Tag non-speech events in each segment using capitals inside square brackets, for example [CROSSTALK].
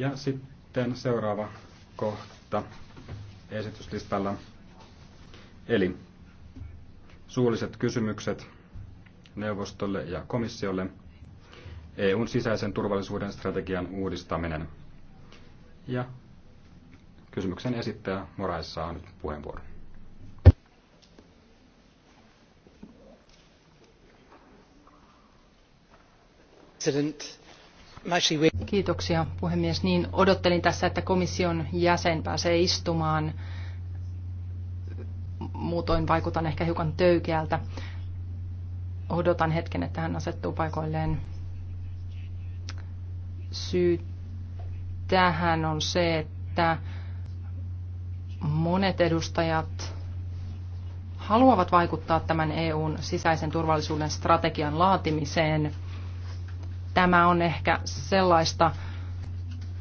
Ja sitten seuraava kohta esityslistalla. Eli suulliset kysymykset neuvostolle ja komissiolle. EUn sisäisen turvallisuuden strategian uudistaminen. Ja kysymyksen esittäjä Morais saa nyt puheenvuoron. President. Kiitoksia puhemies. Niin odottelin tässä, että komission jäsen pääsee istumaan. Muutoin vaikutan ehkä hiukan töykeältä. Odotan hetken, että hän asettuu paikoilleen. Syy tähän on se, että monet edustajat haluavat vaikuttaa tämän EUn sisäisen turvallisuuden strategian laatimiseen – tämä on ehkä sellaista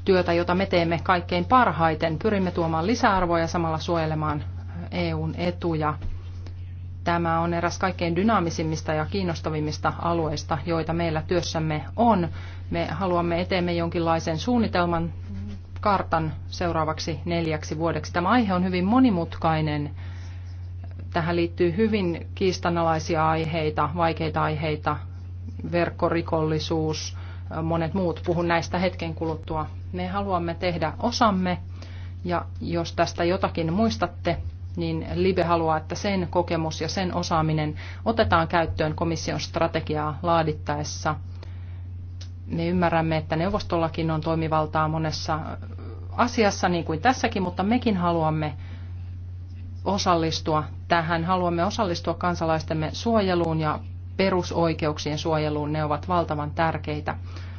työtä, jota me teemme kaikkein parhaiten. Pyrimme tuomaan lisäarvoa ja samalla suojelemaan EUn etuja. Tämä on eräs kaikkein dynaamisimmista ja kiinnostavimmista alueista, joita meillä työssämme on. Me haluamme eteemme jonkinlaisen suunnitelman kartan seuraavaksi neljäksi vuodeksi. Tämä aihe on hyvin monimutkainen. Tähän liittyy hyvin kiistanalaisia aiheita, vaikeita aiheita, verkkorikollisuus, monet muut. Puhun näistä hetken kuluttua. Me haluamme tehdä osamme ja jos tästä jotakin muistatte, niin Libe haluaa, että sen kokemus ja sen osaaminen otetaan käyttöön komission strategiaa laadittaessa. Me ymmärrämme, että neuvostollakin on toimivaltaa monessa asiassa, niin kuin tässäkin, mutta mekin haluamme osallistua tähän. Haluamme osallistua kansalaistemme suojeluun ja perusoikeuksien suojeluun, ne ovat valtavan tärkeitä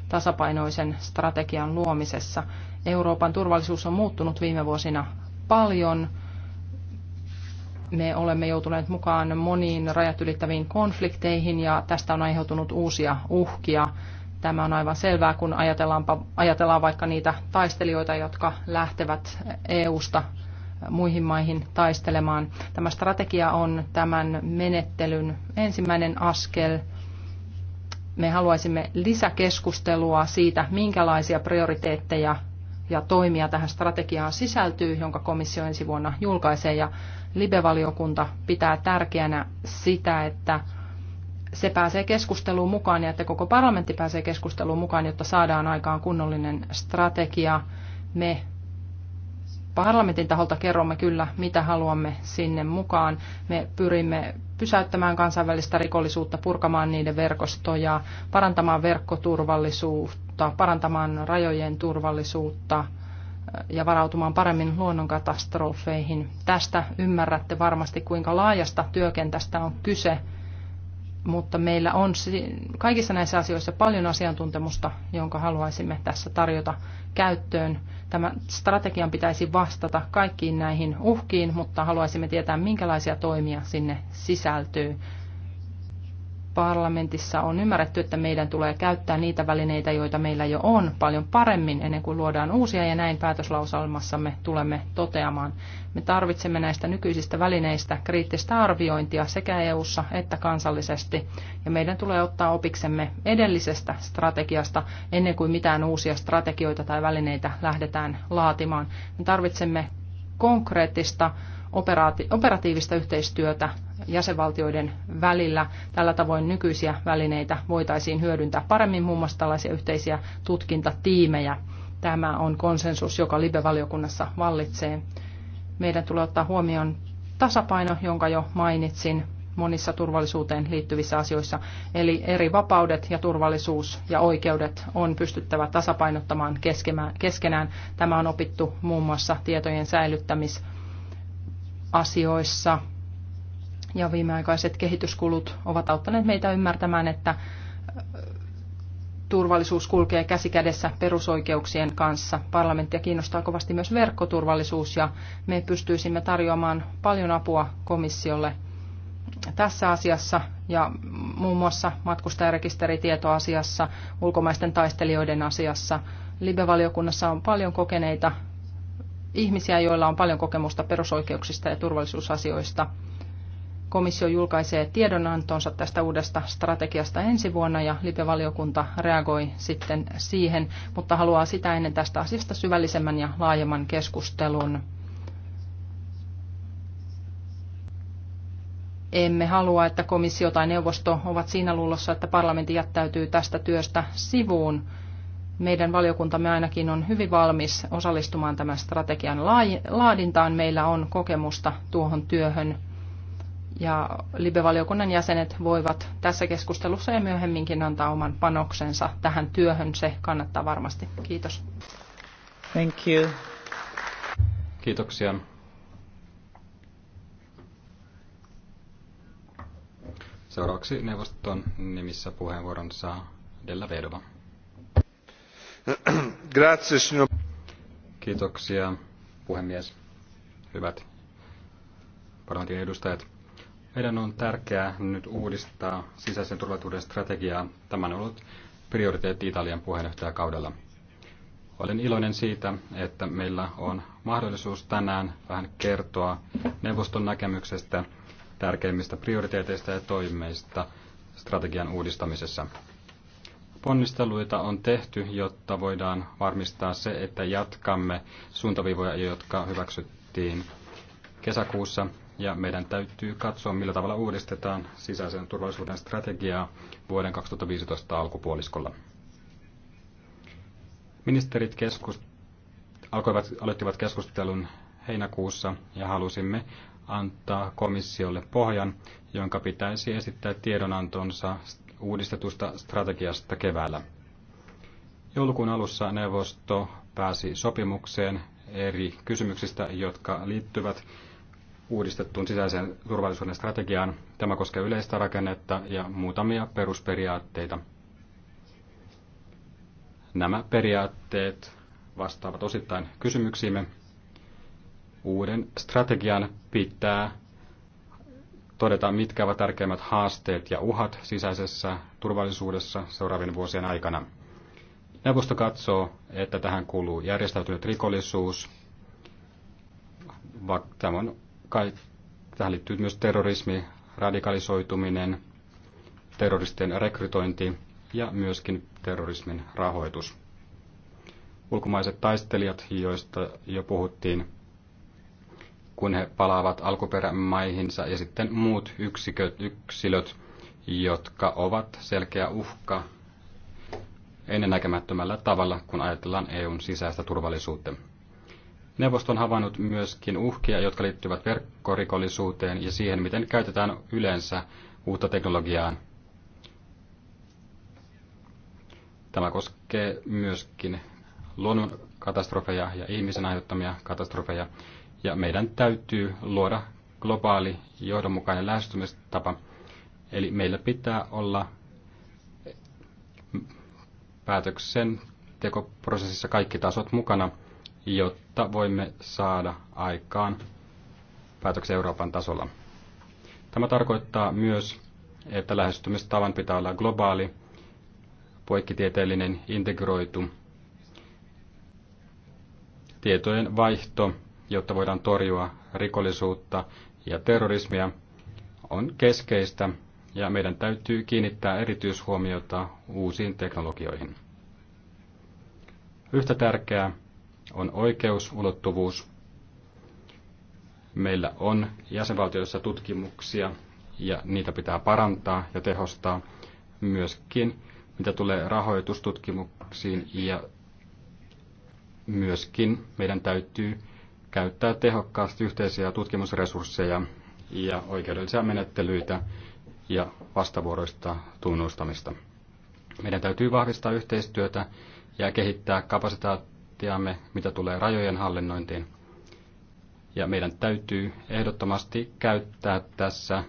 tasapainoisen strategian luomisessa. Euroopan turvallisuus on muuttunut viime vuosina paljon. Me olemme joutuneet mukaan moniin rajat ylittäviin konflikteihin ja tästä on aiheutunut uusia uhkia. Tämä on aivan selvää, kun ajatellaan vaikka niitä taistelijoita, jotka lähtevät EU-sta muihin maihin taistelemaan. Tämä strategia on tämän menettelyn ensimmäinen askel. Me haluaisimme lisäkeskustelua siitä, minkälaisia prioriteetteja ja toimia tähän strategiaan sisältyy, jonka komissio ensi vuonna julkaisee. Ja Libevaliokunta pitää tärkeänä sitä, että se pääsee keskusteluun mukaan ja että koko parlamentti pääsee keskusteluun mukaan, jotta saadaan aikaan kunnollinen strategia. Me parlamentin taholta kerromme kyllä, mitä haluamme sinne mukaan. Me pyrimme pysäyttämään kansainvälistä rikollisuutta, purkamaan niiden verkostoja, parantamaan verkkoturvallisuutta, parantamaan rajojen turvallisuutta äh, ja varautumaan paremmin luonnonkatastrofeihin. Tästä ymmärrätte varmasti, kuinka laajasta työkentästä on kyse, mutta meillä on kaikissa näissä asioissa paljon asiantuntemusta, jonka haluaisimme tässä tarjota käyttöön Tämän strategian pitäisi vastata kaikkiin näihin uhkiin, mutta haluaisimme tietää, minkälaisia toimia sinne sisältyy parlamentissa on ymmärretty, että meidän tulee käyttää niitä välineitä, joita meillä jo on, paljon paremmin ennen kuin luodaan uusia, ja näin päätöslausalmassamme tulemme toteamaan. Me tarvitsemme näistä nykyisistä välineistä kriittistä arviointia sekä EU:ssa että kansallisesti, ja meidän tulee ottaa opiksemme edellisestä strategiasta ennen kuin mitään uusia strategioita tai välineitä lähdetään laatimaan. Me tarvitsemme konkreettista operatiivista yhteistyötä jäsenvaltioiden välillä. Tällä tavoin nykyisiä välineitä voitaisiin hyödyntää paremmin muun muassa tällaisia yhteisiä tutkintatiimejä. Tämä on konsensus, joka Libe-valiokunnassa vallitsee. Meidän tulee ottaa huomioon tasapaino, jonka jo mainitsin monissa turvallisuuteen liittyvissä asioissa. Eli eri vapaudet ja turvallisuus ja oikeudet on pystyttävä tasapainottamaan keskenään. Tämä on opittu muun muassa tietojen säilyttämis- asioissa. Ja viimeaikaiset kehityskulut ovat auttaneet meitä ymmärtämään, että turvallisuus kulkee käsi kädessä perusoikeuksien kanssa. Parlamenttia kiinnostaa kovasti myös verkkoturvallisuus ja me pystyisimme tarjoamaan paljon apua komissiolle tässä asiassa ja muun muassa matkustajarekisteritietoasiassa, ulkomaisten taistelijoiden asiassa. Libevaliokunnassa on paljon kokeneita ihmisiä, joilla on paljon kokemusta perusoikeuksista ja turvallisuusasioista. Komissio julkaisee tiedonantonsa tästä uudesta strategiasta ensi vuonna ja LIPE-valiokunta reagoi sitten siihen, mutta haluaa sitä ennen tästä asiasta syvällisemmän ja laajemman keskustelun. Emme halua, että komissio tai neuvosto ovat siinä luulossa, että parlamentti jättäytyy tästä työstä sivuun. Meidän valiokuntamme ainakin on hyvin valmis osallistumaan tämän strategian laadintaan. Meillä on kokemusta tuohon työhön ja Libe-valiokunnan jäsenet voivat tässä keskustelussa ja myöhemminkin antaa oman panoksensa tähän työhön. Se kannattaa varmasti. Kiitos. Thank you. Kiitoksia. Seuraavaksi neuvoston nimissä puheenvuoron saa Della Vedova. [CLEARS THROAT] Kiitoksia, puhemies. Hyvät parlamentin edustajat. Meidän on tärkeää nyt uudistaa sisäisen turvallisuuden strategiaa. Tämä on ollut prioriteetti Italian puheenjohtajakaudella. Olen iloinen siitä, että meillä on mahdollisuus tänään vähän kertoa neuvoston näkemyksestä, tärkeimmistä prioriteeteista ja toimista strategian uudistamisessa. Ponnisteluita on tehty, jotta voidaan varmistaa se, että jatkamme suuntaviivoja, jotka hyväksyttiin kesäkuussa. Ja meidän täytyy katsoa, millä tavalla uudistetaan sisäisen turvallisuuden strategiaa vuoden 2015 alkupuoliskolla. Ministerit keskust- alkoivat, aloittivat keskustelun heinäkuussa ja halusimme antaa komissiolle pohjan, jonka pitäisi esittää tiedonantonsa uudistetusta strategiasta keväällä. Joulukuun alussa neuvosto pääsi sopimukseen eri kysymyksistä, jotka liittyvät uudistettuun sisäiseen turvallisuuden strategiaan. Tämä koskee yleistä rakennetta ja muutamia perusperiaatteita. Nämä periaatteet vastaavat osittain kysymyksiimme. Uuden strategian pitää todeta, mitkä ovat tärkeimmät haasteet ja uhat sisäisessä turvallisuudessa seuraavien vuosien aikana. Neuvosto katsoo, että tähän kuuluu järjestäytynyt rikollisuus, on, tähän liittyy myös terrorismi, radikalisoituminen, terroristien rekrytointi ja myöskin terrorismin rahoitus. Ulkomaiset taistelijat, joista jo puhuttiin, kun he palaavat alkuperämaihinsa ja sitten muut yksiköt, yksilöt, jotka ovat selkeä uhka ennennäkemättömällä tavalla, kun ajatellaan EUn sisäistä turvallisuutta. Neuvosto on havainnut myöskin uhkia, jotka liittyvät verkkorikollisuuteen ja siihen, miten käytetään yleensä uutta teknologiaa. Tämä koskee myöskin luonnonkatastrofeja ja ihmisen aiheuttamia katastrofeja ja meidän täytyy luoda globaali johdonmukainen lähestymistapa. Eli meillä pitää olla tekoprosessissa kaikki tasot mukana, jotta voimme saada aikaan päätöksen Euroopan tasolla. Tämä tarkoittaa myös, että lähestymistavan pitää olla globaali, poikkitieteellinen, integroitu. Tietojen vaihto jotta voidaan torjua rikollisuutta ja terrorismia, on keskeistä ja meidän täytyy kiinnittää erityishuomiota uusiin teknologioihin. Yhtä tärkeää on oikeusulottuvuus. Meillä on jäsenvaltioissa tutkimuksia ja niitä pitää parantaa ja tehostaa myöskin, mitä tulee rahoitustutkimuksiin ja myöskin meidän täytyy käyttää tehokkaasti yhteisiä tutkimusresursseja ja oikeudellisia menettelyitä ja vastavuoroista tunnustamista. Meidän täytyy vahvistaa yhteistyötä ja kehittää kapasitaattiamme, mitä tulee rajojen hallinnointiin. Ja meidän täytyy ehdottomasti käyttää tässä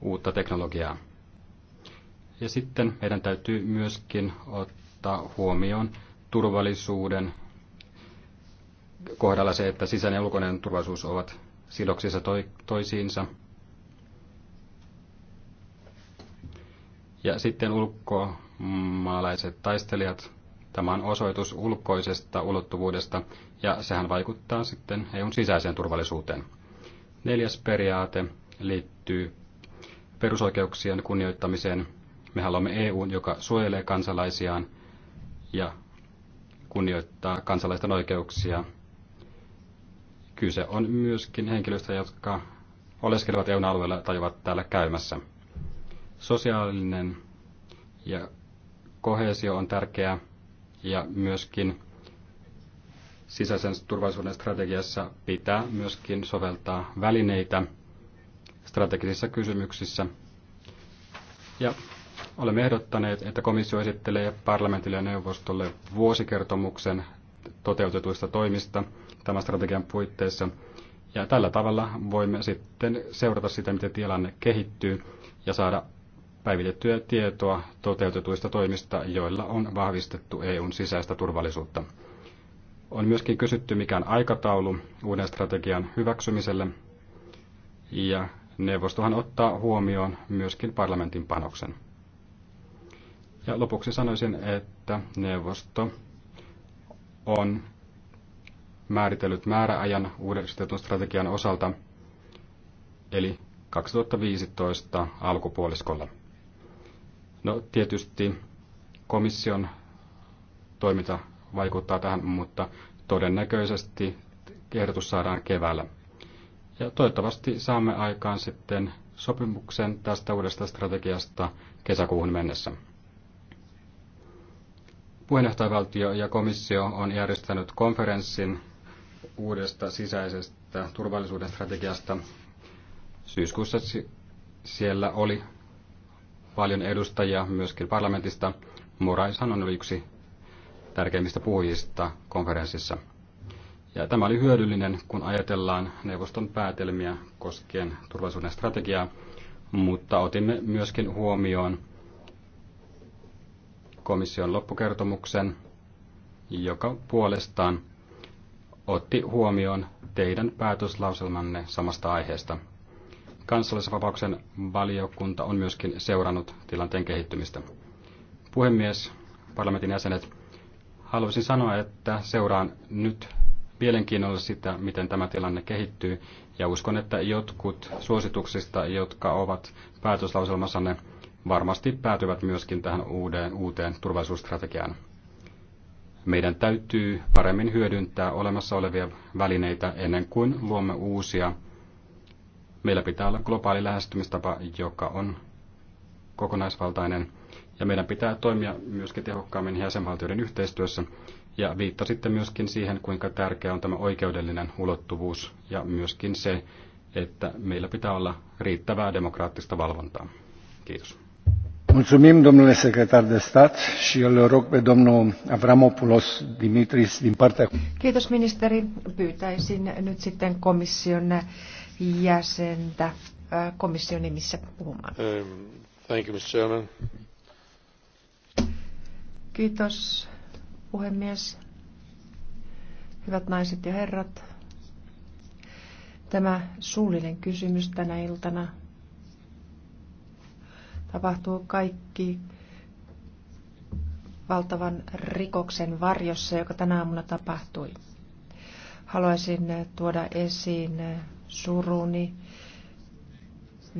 uutta teknologiaa. Ja sitten meidän täytyy myöskin ottaa huomioon turvallisuuden kohdalla se, että sisäinen ja ulkoinen turvallisuus ovat sidoksissa toisiinsa. Ja sitten ulkomaalaiset taistelijat. Tämä on osoitus ulkoisesta ulottuvuudesta ja sehän vaikuttaa sitten EUn sisäiseen turvallisuuteen. Neljäs periaate liittyy perusoikeuksien kunnioittamiseen. Me haluamme EUn, joka suojelee kansalaisiaan ja kunnioittaa kansalaisten oikeuksia Kyse on myöskin henkilöistä, jotka oleskelevat eu alueella tai ovat täällä käymässä. Sosiaalinen ja kohesio on tärkeää ja myöskin sisäisen turvallisuuden strategiassa pitää myöskin soveltaa välineitä strategisissa kysymyksissä. Ja olemme ehdottaneet, että komissio esittelee parlamentille ja neuvostolle vuosikertomuksen toteutetuista toimista – tämän strategian puitteissa. Ja tällä tavalla voimme sitten seurata sitä, miten tilanne kehittyy ja saada päivitettyä tietoa toteutetuista toimista, joilla on vahvistettu EUn sisäistä turvallisuutta. On myöskin kysytty, mikä on aikataulu uuden strategian hyväksymiselle, ja neuvostohan ottaa huomioon myöskin parlamentin panoksen. Ja lopuksi sanoisin, että neuvosto on määritellyt määräajan uudistetun strategian osalta, eli 2015 alkupuoliskolla. No tietysti komission toiminta vaikuttaa tähän, mutta todennäköisesti ehdotus saadaan keväällä. Ja toivottavasti saamme aikaan sitten sopimuksen tästä uudesta strategiasta kesäkuuhun mennessä. Puheenjohtajavaltio ja komissio on järjestänyt konferenssin uudesta sisäisestä turvallisuuden strategiasta. Syyskuussa siellä oli paljon edustajia myöskin parlamentista. Moraishan on yksi tärkeimmistä puhujista konferenssissa. Ja tämä oli hyödyllinen, kun ajatellaan neuvoston päätelmiä koskien turvallisuuden strategiaa, mutta otimme myöskin huomioon komission loppukertomuksen, joka puolestaan otti huomioon teidän päätöslauselmanne samasta aiheesta. Kansallisvapauksen valiokunta on myöskin seurannut tilanteen kehittymistä. Puhemies, parlamentin jäsenet, haluaisin sanoa, että seuraan nyt mielenkiinnolla sitä, miten tämä tilanne kehittyy, ja uskon, että jotkut suosituksista, jotka ovat päätöslauselmassanne, varmasti päätyvät myöskin tähän uuteen, uuteen turvallisuusstrategiaan. Meidän täytyy paremmin hyödyntää olemassa olevia välineitä ennen kuin luomme uusia. Meillä pitää olla globaali lähestymistapa, joka on kokonaisvaltainen, ja meidän pitää toimia myöskin tehokkaammin jäsenvaltioiden yhteistyössä, ja viittasitte myöskin siihen, kuinka tärkeä on tämä oikeudellinen ulottuvuus ja myöskin se, että meillä pitää olla riittävää demokraattista valvontaa. Kiitos. Mulțumim, domnule secretar de stat, și îl rog pe domnul Avramopoulos Dimitris din partea... Kiitos, ministeri. Pyytäisin nyt sitten komission jäsentä komission nimissä puhumaan. Um, thank you, Mr. Chairman. Kiitos, puhemies. Hyvät naiset ja herrat, tämä suullinen kysymys tänä iltana tapahtuu kaikki valtavan rikoksen varjossa, joka tänä aamuna tapahtui. Haluaisin tuoda esiin suruni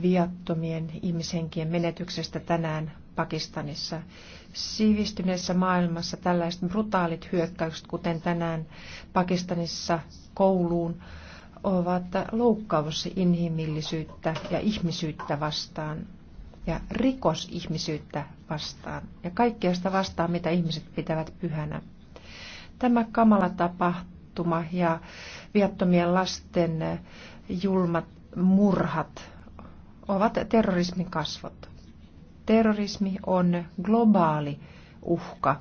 viattomien ihmishenkien menetyksestä tänään Pakistanissa. Siivistyneessä maailmassa tällaiset brutaalit hyökkäykset, kuten tänään Pakistanissa kouluun, ovat loukkaus inhimillisyyttä ja ihmisyyttä vastaan ja rikos ihmisyyttä vastaan ja kaikkea sitä vastaan, mitä ihmiset pitävät pyhänä. Tämä kamala tapahtuma ja viattomien lasten julmat murhat ovat terrorismin kasvot. Terrorismi on globaali uhka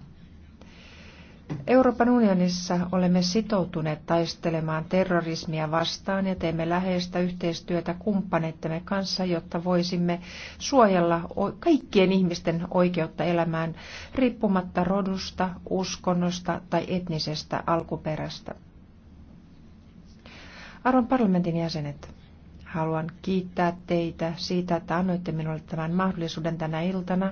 Euroopan unionissa olemme sitoutuneet taistelemaan terrorismia vastaan ja teemme läheistä yhteistyötä kumppaneittemme kanssa, jotta voisimme suojella kaikkien ihmisten oikeutta elämään riippumatta rodusta, uskonnosta tai etnisestä alkuperästä. Arvon parlamentin jäsenet, haluan kiittää teitä siitä, että annoitte minulle tämän mahdollisuuden tänä iltana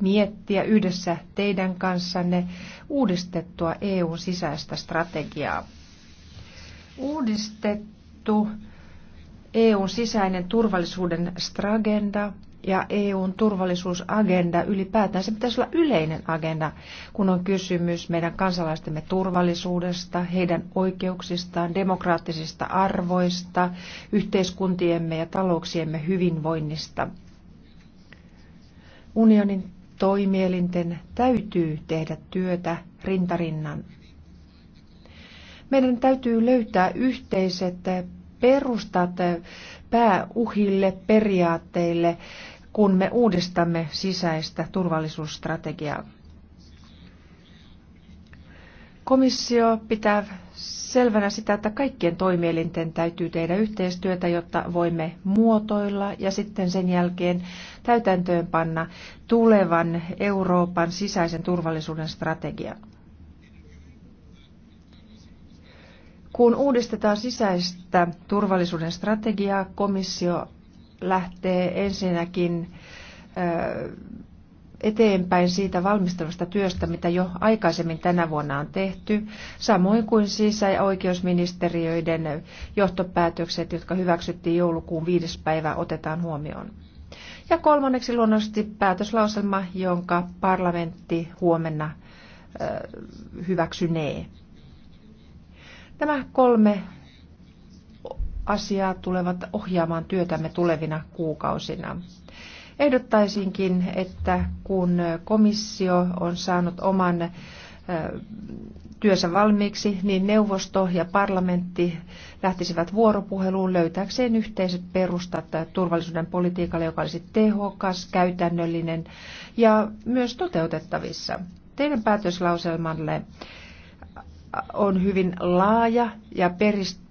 miettiä yhdessä teidän kanssanne uudistettua EUn sisäistä strategiaa. Uudistettu EUn sisäinen turvallisuuden stragenda ja EUn turvallisuusagenda ylipäätään, se pitäisi olla yleinen agenda, kun on kysymys meidän kansalaistemme turvallisuudesta, heidän oikeuksistaan, demokraattisista arvoista, yhteiskuntiemme ja talouksiemme hyvinvoinnista. Unionin toimielinten täytyy tehdä työtä rintarinnan. Meidän täytyy löytää yhteiset perustat pääuhille, periaatteille, kun me uudistamme sisäistä turvallisuusstrategiaa. Komissio pitää selvänä sitä, että kaikkien toimielinten täytyy tehdä yhteistyötä, jotta voimme muotoilla ja sitten sen jälkeen täytäntöönpanna tulevan Euroopan sisäisen turvallisuuden strategia. Kun uudistetaan sisäistä turvallisuuden strategiaa, komissio lähtee ensinnäkin eteenpäin siitä valmistelusta työstä, mitä jo aikaisemmin tänä vuonna on tehty, samoin kuin sisä- ja oikeusministeriöiden johtopäätökset, jotka hyväksyttiin joulukuun viides päivä, otetaan huomioon. Ja kolmanneksi luonnollisesti päätöslauselma, jonka parlamentti huomenna hyväksynee. Nämä kolme asiaa tulevat ohjaamaan työtämme tulevina kuukausina. Ehdottaisinkin, että kun komissio on saanut oman työnsä valmiiksi, niin neuvosto ja parlamentti lähtisivät vuoropuheluun löytääkseen yhteiset perustat turvallisuuden politiikalle, joka olisi tehokas, käytännöllinen ja myös toteutettavissa. Teidän päätöslauselmalle on hyvin laaja ja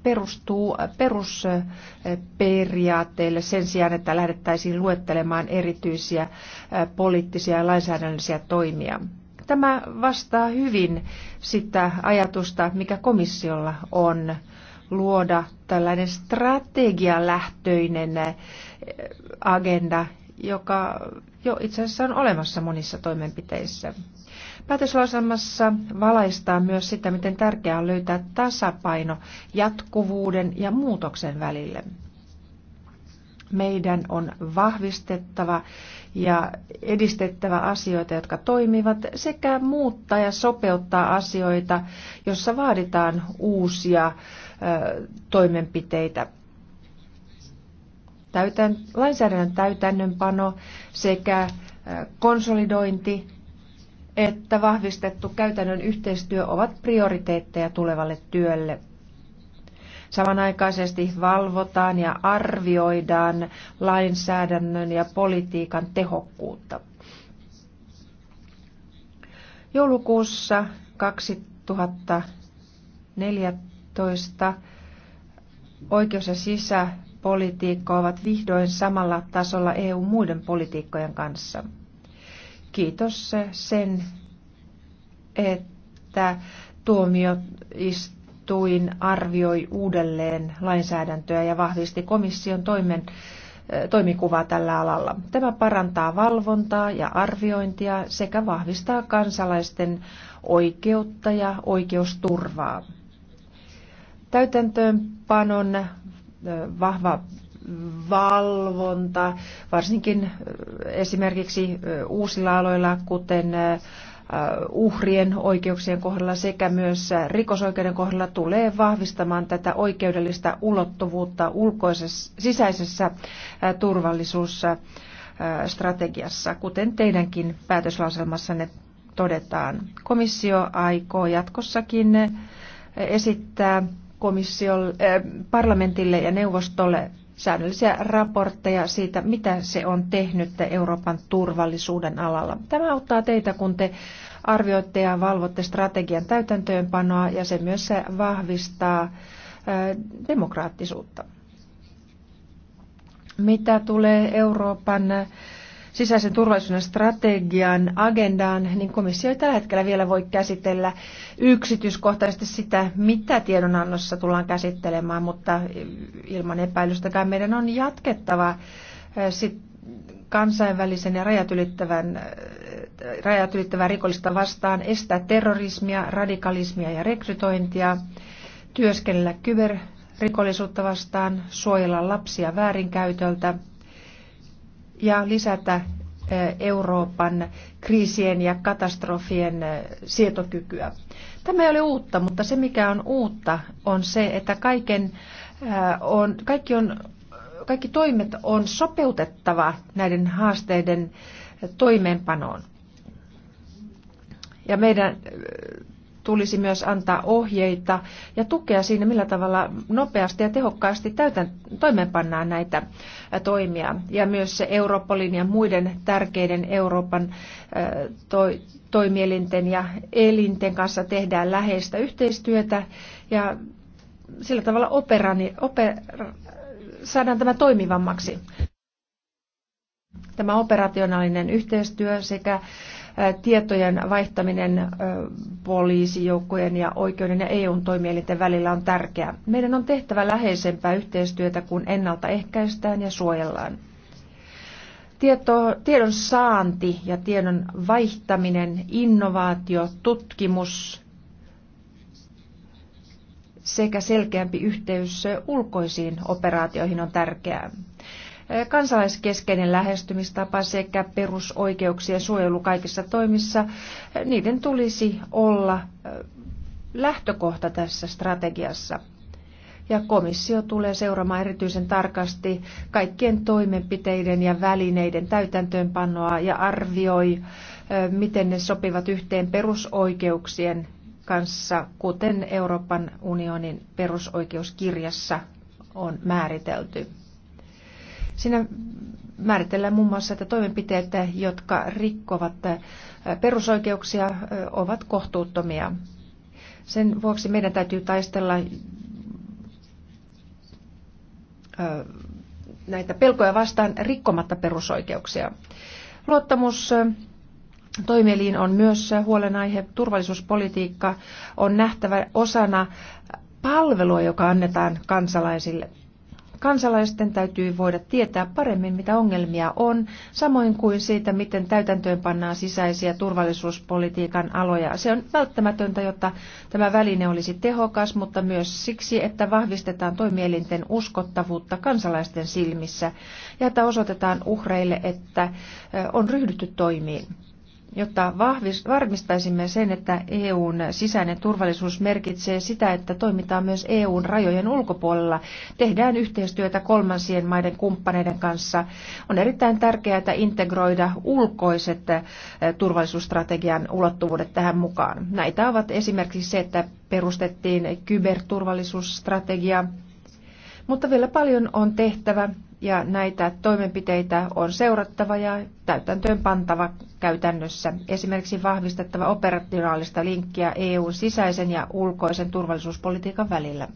perustuu perusperiaatteille sen sijaan, että lähdettäisiin luettelemaan erityisiä poliittisia ja lainsäädännöllisiä toimia. Tämä vastaa hyvin sitä ajatusta, mikä komissiolla on luoda tällainen strategialähtöinen agenda, joka jo itse asiassa on olemassa monissa toimenpiteissä. Päätöslauselmassa valaistaa myös sitä, miten tärkeää on löytää tasapaino jatkuvuuden ja muutoksen välille. Meidän on vahvistettava ja edistettävä asioita, jotka toimivat, sekä muuttaa ja sopeuttaa asioita, joissa vaaditaan uusia ö, toimenpiteitä täytän, lainsäädännön täytännönpano sekä konsolidointi että vahvistettu käytännön yhteistyö ovat prioriteetteja tulevalle työlle. Samanaikaisesti valvotaan ja arvioidaan lainsäädännön ja politiikan tehokkuutta. Joulukuussa 2014 oikeus- ja sisä- politiikka ovat vihdoin samalla tasolla eu muiden politiikkojen kanssa. Kiitos sen, että tuomioistuin arvioi uudelleen lainsäädäntöä ja vahvisti komission toimen eh, toimikuvaa tällä alalla. Tämä parantaa valvontaa ja arviointia sekä vahvistaa kansalaisten oikeutta ja oikeusturvaa. Täytäntöönpanon vahva valvonta, varsinkin esimerkiksi uusilla aloilla, kuten uhrien oikeuksien kohdalla sekä myös rikosoikeuden kohdalla tulee vahvistamaan tätä oikeudellista ulottuvuutta ulkoisessa, sisäisessä turvallisuusstrategiassa, kuten teidänkin päätöslauselmassanne todetaan. Komissio aikoo jatkossakin esittää komissiolle, äh, parlamentille ja neuvostolle säännöllisiä raportteja siitä, mitä se on tehnyt Euroopan turvallisuuden alalla. Tämä auttaa teitä, kun te arvioitte ja valvotte strategian täytäntöönpanoa ja se myös vahvistaa äh, demokraattisuutta. Mitä tulee Euroopan sisäisen turvallisuuden strategian agendaan, niin komissio ei tällä hetkellä vielä voi käsitellä yksityiskohtaisesti sitä, mitä tiedonannossa tullaan käsittelemään, mutta ilman epäilystäkään meidän on jatkettava sit kansainvälisen ja rajat, ylittävän, rajat ylittävää rikollista vastaan, estää terrorismia, radikalismia ja rekrytointia, työskennellä kyberrikollisuutta vastaan, suojella lapsia väärinkäytöltä – ja lisätä Euroopan kriisien ja katastrofien sietokykyä. Tämä ei ole uutta, mutta se mikä on uutta on se, että kaiken, on, kaikki, on, kaikki toimet on sopeutettava näiden haasteiden toimeenpanoon. Ja meidän tulisi myös antaa ohjeita ja tukea siinä, millä tavalla nopeasti ja tehokkaasti täytän, toimeenpannaan näitä toimia. Ja myös se Europolin ja muiden tärkeiden Euroopan to, toimielinten ja elinten kanssa tehdään läheistä yhteistyötä ja sillä tavalla operani, opera saadaan tämä toimivammaksi. Tämä operationaalinen yhteistyö sekä tietojen vaihtaminen poliisijoukkojen ja oikeuden ja EUn toimielinten välillä on tärkeää. Meidän on tehtävä läheisempää yhteistyötä, kun ennaltaehkäistään ja suojellaan. Tieto, tiedon saanti ja tiedon vaihtaminen, innovaatio, tutkimus sekä selkeämpi yhteys ulkoisiin operaatioihin on tärkeää kansalaiskeskeinen lähestymistapa sekä perusoikeuksien suojelu kaikissa toimissa, niiden tulisi olla lähtökohta tässä strategiassa. Ja komissio tulee seuraamaan erityisen tarkasti kaikkien toimenpiteiden ja välineiden täytäntöönpanoa ja arvioi, miten ne sopivat yhteen perusoikeuksien kanssa, kuten Euroopan unionin perusoikeuskirjassa on määritelty. Siinä määritellään muun muassa, että toimenpiteet, jotka rikkovat äh, perusoikeuksia, äh, ovat kohtuuttomia. Sen vuoksi meidän täytyy taistella äh, näitä pelkoja vastaan rikkomatta perusoikeuksia. Luottamus toimieliin on myös huolenaihe. Turvallisuuspolitiikka on nähtävä osana palvelua, joka annetaan kansalaisille. Kansalaisten täytyy voida tietää paremmin, mitä ongelmia on, samoin kuin siitä, miten täytäntöön pannaan sisäisiä turvallisuuspolitiikan aloja. Se on välttämätöntä, jotta tämä väline olisi tehokas, mutta myös siksi, että vahvistetaan toimielinten uskottavuutta kansalaisten silmissä ja että osoitetaan uhreille, että on ryhdytty toimiin jotta varmistaisimme sen, että EUn sisäinen turvallisuus merkitsee sitä, että toimitaan myös EUn rajojen ulkopuolella, tehdään yhteistyötä kolmansien maiden kumppaneiden kanssa. On erittäin tärkeää integroida ulkoiset eh, turvallisuusstrategian ulottuvuudet tähän mukaan. Näitä ovat esimerkiksi se, että perustettiin kyberturvallisuusstrategia, mutta vielä paljon on tehtävä ja näitä toimenpiteitä on seurattava ja täytäntöön pantava käytännössä. Esimerkiksi vahvistettava operationaalista linkkiä EUn sisäisen ja ulkoisen turvallisuuspolitiikan välillä.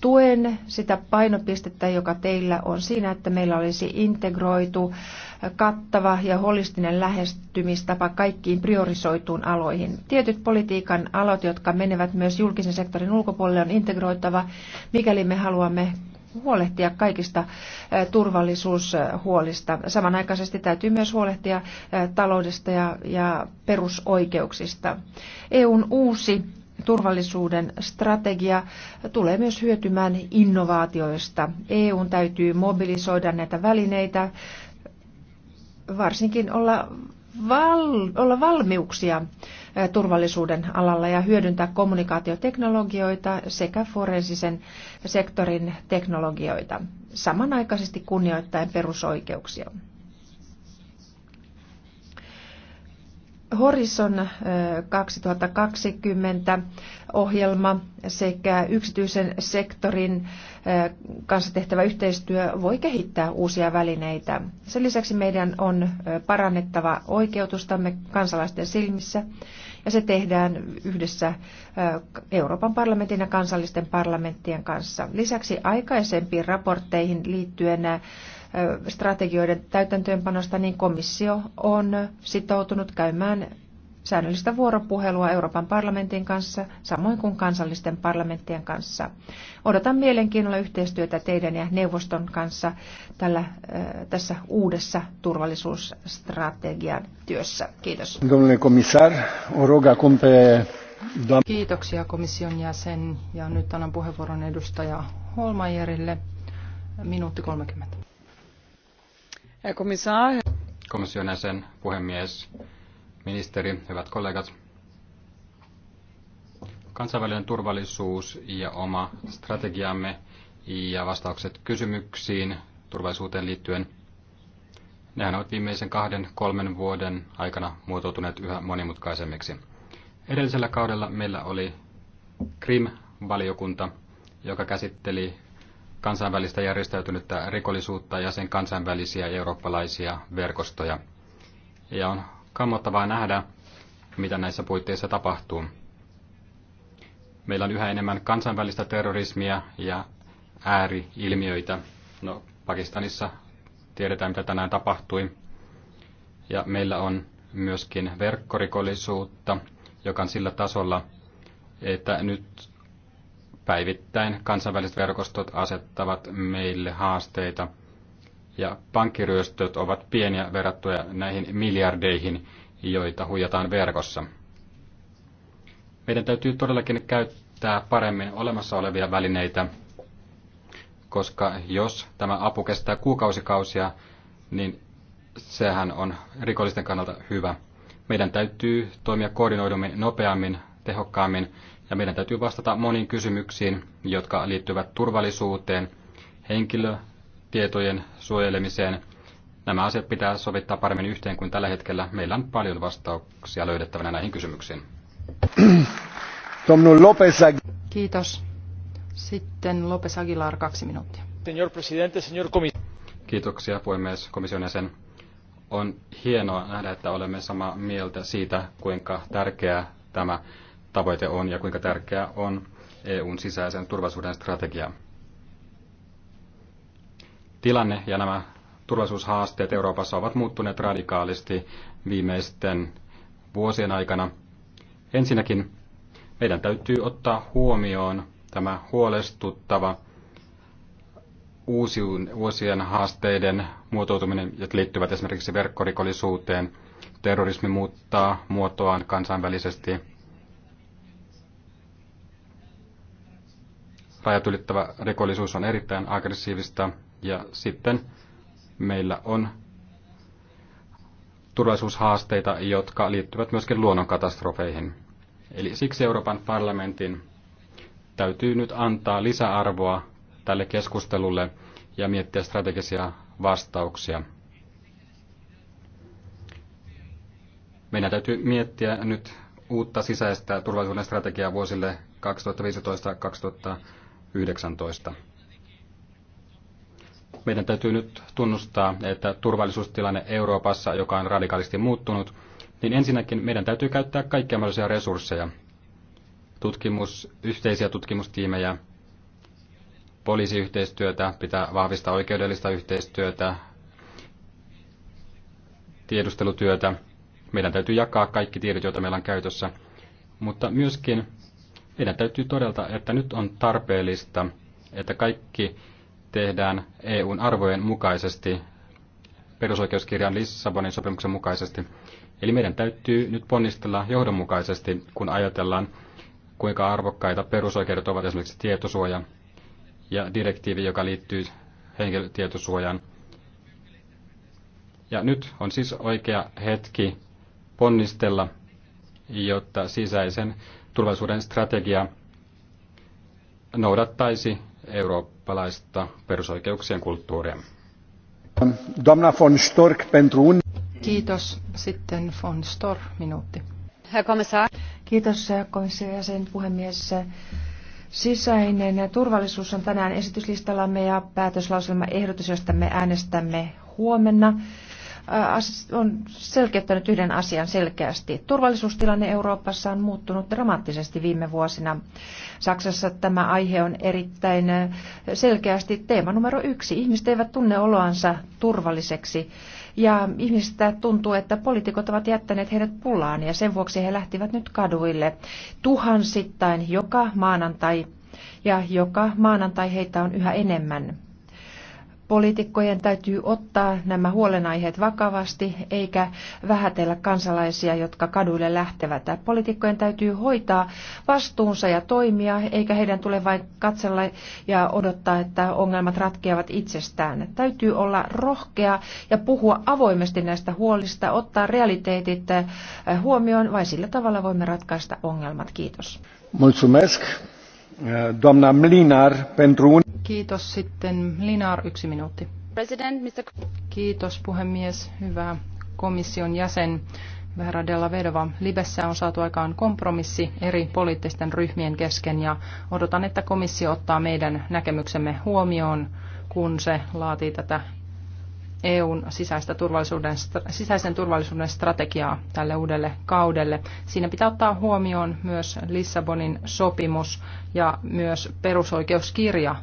Tuen sitä painopistettä, joka teillä on siinä, että meillä olisi integroitu, kattava ja holistinen lähestymistapa kaikkiin priorisoituun aloihin. Tietyt politiikan alat, jotka menevät myös julkisen sektorin ulkopuolelle, on integroitava, mikäli me haluamme huolehtia kaikista turvallisuushuolista. Samanaikaisesti täytyy myös huolehtia taloudesta ja, ja perusoikeuksista. EUn uusi turvallisuuden strategia tulee myös hyötymään innovaatioista. EUn täytyy mobilisoida näitä välineitä, varsinkin olla, val, olla valmiuksia turvallisuuden alalla ja hyödyntää kommunikaatioteknologioita sekä forensisen sektorin teknologioita samanaikaisesti kunnioittaen perusoikeuksia. Horizon 2020 ohjelma sekä yksityisen sektorin kanssa tehtävä yhteistyö voi kehittää uusia välineitä. Sen lisäksi meidän on parannettava oikeutustamme kansalaisten silmissä ja se tehdään yhdessä Euroopan parlamentin ja kansallisten parlamenttien kanssa. Lisäksi aikaisempiin raportteihin liittyen strategioiden täytäntöönpanosta, niin komissio on sitoutunut käymään säännöllistä vuoropuhelua Euroopan parlamentin kanssa, samoin kuin kansallisten parlamenttien kanssa. Odotan mielenkiinnolla yhteistyötä teidän ja neuvoston kanssa tällä, äh, tässä uudessa turvallisuusstrategian työssä. Kiitos. Kiitoksia komission jäsen ja nyt annan puheenvuoron edustaja Holmajerille. Minuutti 30. Herr Kommissar. Komission jäsen, puhemies, ministeri, hyvät kollegat. Kansainvälinen turvallisuus ja oma strategiamme ja vastaukset kysymyksiin turvallisuuteen liittyen. Nehän ovat viimeisen kahden, kolmen vuoden aikana muotoutuneet yhä monimutkaisemmiksi. Edellisellä kaudella meillä oli Krim-valiokunta, joka käsitteli kansainvälistä järjestäytynyttä rikollisuutta ja sen kansainvälisiä ja eurooppalaisia verkostoja. Ja on kammottavaa nähdä, mitä näissä puitteissa tapahtuu. Meillä on yhä enemmän kansainvälistä terrorismia ja ääriilmiöitä. No, Pakistanissa tiedetään, mitä tänään tapahtui. Ja meillä on myöskin verkkorikollisuutta, joka on sillä tasolla, että nyt päivittäin kansainväliset verkostot asettavat meille haasteita ja pankkiryöstöt ovat pieniä verrattuna näihin miljardeihin, joita huijataan verkossa. Meidän täytyy todellakin käyttää paremmin olemassa olevia välineitä, koska jos tämä apu kestää kuukausikausia, niin sehän on rikollisten kannalta hyvä. Meidän täytyy toimia koordinoidummin, nopeammin, tehokkaammin ja meidän täytyy vastata moniin kysymyksiin, jotka liittyvät turvallisuuteen, henkilötietojen suojelemiseen. Nämä asiat pitää sovittaa paremmin yhteen kuin tällä hetkellä. Meillä on paljon vastauksia löydettävänä näihin kysymyksiin. Kiitos. Sitten Lopes Aguilar, kaksi minuuttia. Señor presidente, señor komis- Kiitoksia puhemies komission jäsen. On hienoa nähdä, että olemme samaa mieltä siitä, kuinka tärkeää tämä tavoite on ja kuinka tärkeä on EUn sisäisen turvallisuuden strategia. Tilanne ja nämä turvallisuushaasteet Euroopassa ovat muuttuneet radikaalisti viimeisten vuosien aikana. Ensinnäkin meidän täytyy ottaa huomioon tämä huolestuttava uusien, haasteiden muotoutuminen, jotka liittyvät esimerkiksi verkkorikollisuuteen. Terrorismi muuttaa muotoaan kansainvälisesti rajat ylittävä rikollisuus on erittäin aggressiivista ja sitten meillä on turvallisuushaasteita, jotka liittyvät myöskin luonnonkatastrofeihin. Eli siksi Euroopan parlamentin täytyy nyt antaa lisäarvoa tälle keskustelulle ja miettiä strategisia vastauksia. Meidän täytyy miettiä nyt uutta sisäistä turvallisuuden strategiaa vuosille 2015-2020 19. Meidän täytyy nyt tunnustaa, että turvallisuustilanne Euroopassa, joka on radikaalisti muuttunut, niin ensinnäkin meidän täytyy käyttää kaikkia mahdollisia resursseja. Tutkimus, yhteisiä tutkimustiimejä, poliisiyhteistyötä, pitää vahvistaa oikeudellista yhteistyötä, tiedustelutyötä. Meidän täytyy jakaa kaikki tiedot, joita meillä on käytössä, mutta myöskin meidän täytyy todeta, että nyt on tarpeellista, että kaikki tehdään EUn arvojen mukaisesti, perusoikeuskirjan Lissabonin sopimuksen mukaisesti. Eli meidän täytyy nyt ponnistella johdonmukaisesti, kun ajatellaan, kuinka arvokkaita perusoikeudet ovat esimerkiksi tietosuoja ja direktiivi, joka liittyy henkilötietosuojaan. Ja nyt on siis oikea hetki ponnistella, jotta sisäisen turvallisuuden strategia noudattaisi eurooppalaista perusoikeuksien kulttuuria. Doamna von Stork Kiitos. Sitten von Stork, minuutti. Herr Kommissar. Kiitos komission jäsen puhemies. Sisäinen turvallisuus on tänään esityslistallamme ja päätöslauselma ehdotus, josta me äänestämme huomenna on selkeyttänyt yhden asian selkeästi. Turvallisuustilanne Euroopassa on muuttunut dramaattisesti viime vuosina. Saksassa tämä aihe on erittäin selkeästi teema numero yksi. Ihmiset eivät tunne oloansa turvalliseksi ja ihmistä tuntuu, että poliitikot ovat jättäneet heidät pulaan ja sen vuoksi he lähtivät nyt kaduille tuhansittain joka maanantai ja joka maanantai heitä on yhä enemmän. Poliitikkojen täytyy ottaa nämä huolenaiheet vakavasti eikä vähätellä kansalaisia, jotka kaduille lähtevät. Poliitikkojen täytyy hoitaa vastuunsa ja toimia, eikä heidän tule vain katsella ja odottaa, että ongelmat ratkeavat itsestään. Täytyy olla rohkea ja puhua avoimesti näistä huolista, ottaa realiteetit eh, huomioon, vai sillä tavalla voimme ratkaista ongelmat. Kiitos. Mulțumesc. Eh, doamna Mlinar, pentru un... Kiitos sitten. Linar, yksi minuutti. President, Mr. Kiitos puhemies. Hyvä komission jäsen. Vera Della Vedova, Libessä on saatu aikaan kompromissi eri poliittisten ryhmien kesken ja odotan, että komissio ottaa meidän näkemyksemme huomioon, kun se laatii tätä EUn sisäistä turvallisuuden, sisäisen turvallisuuden strategiaa tälle uudelle kaudelle. Siinä pitää ottaa huomioon myös Lissabonin sopimus ja myös perusoikeuskirja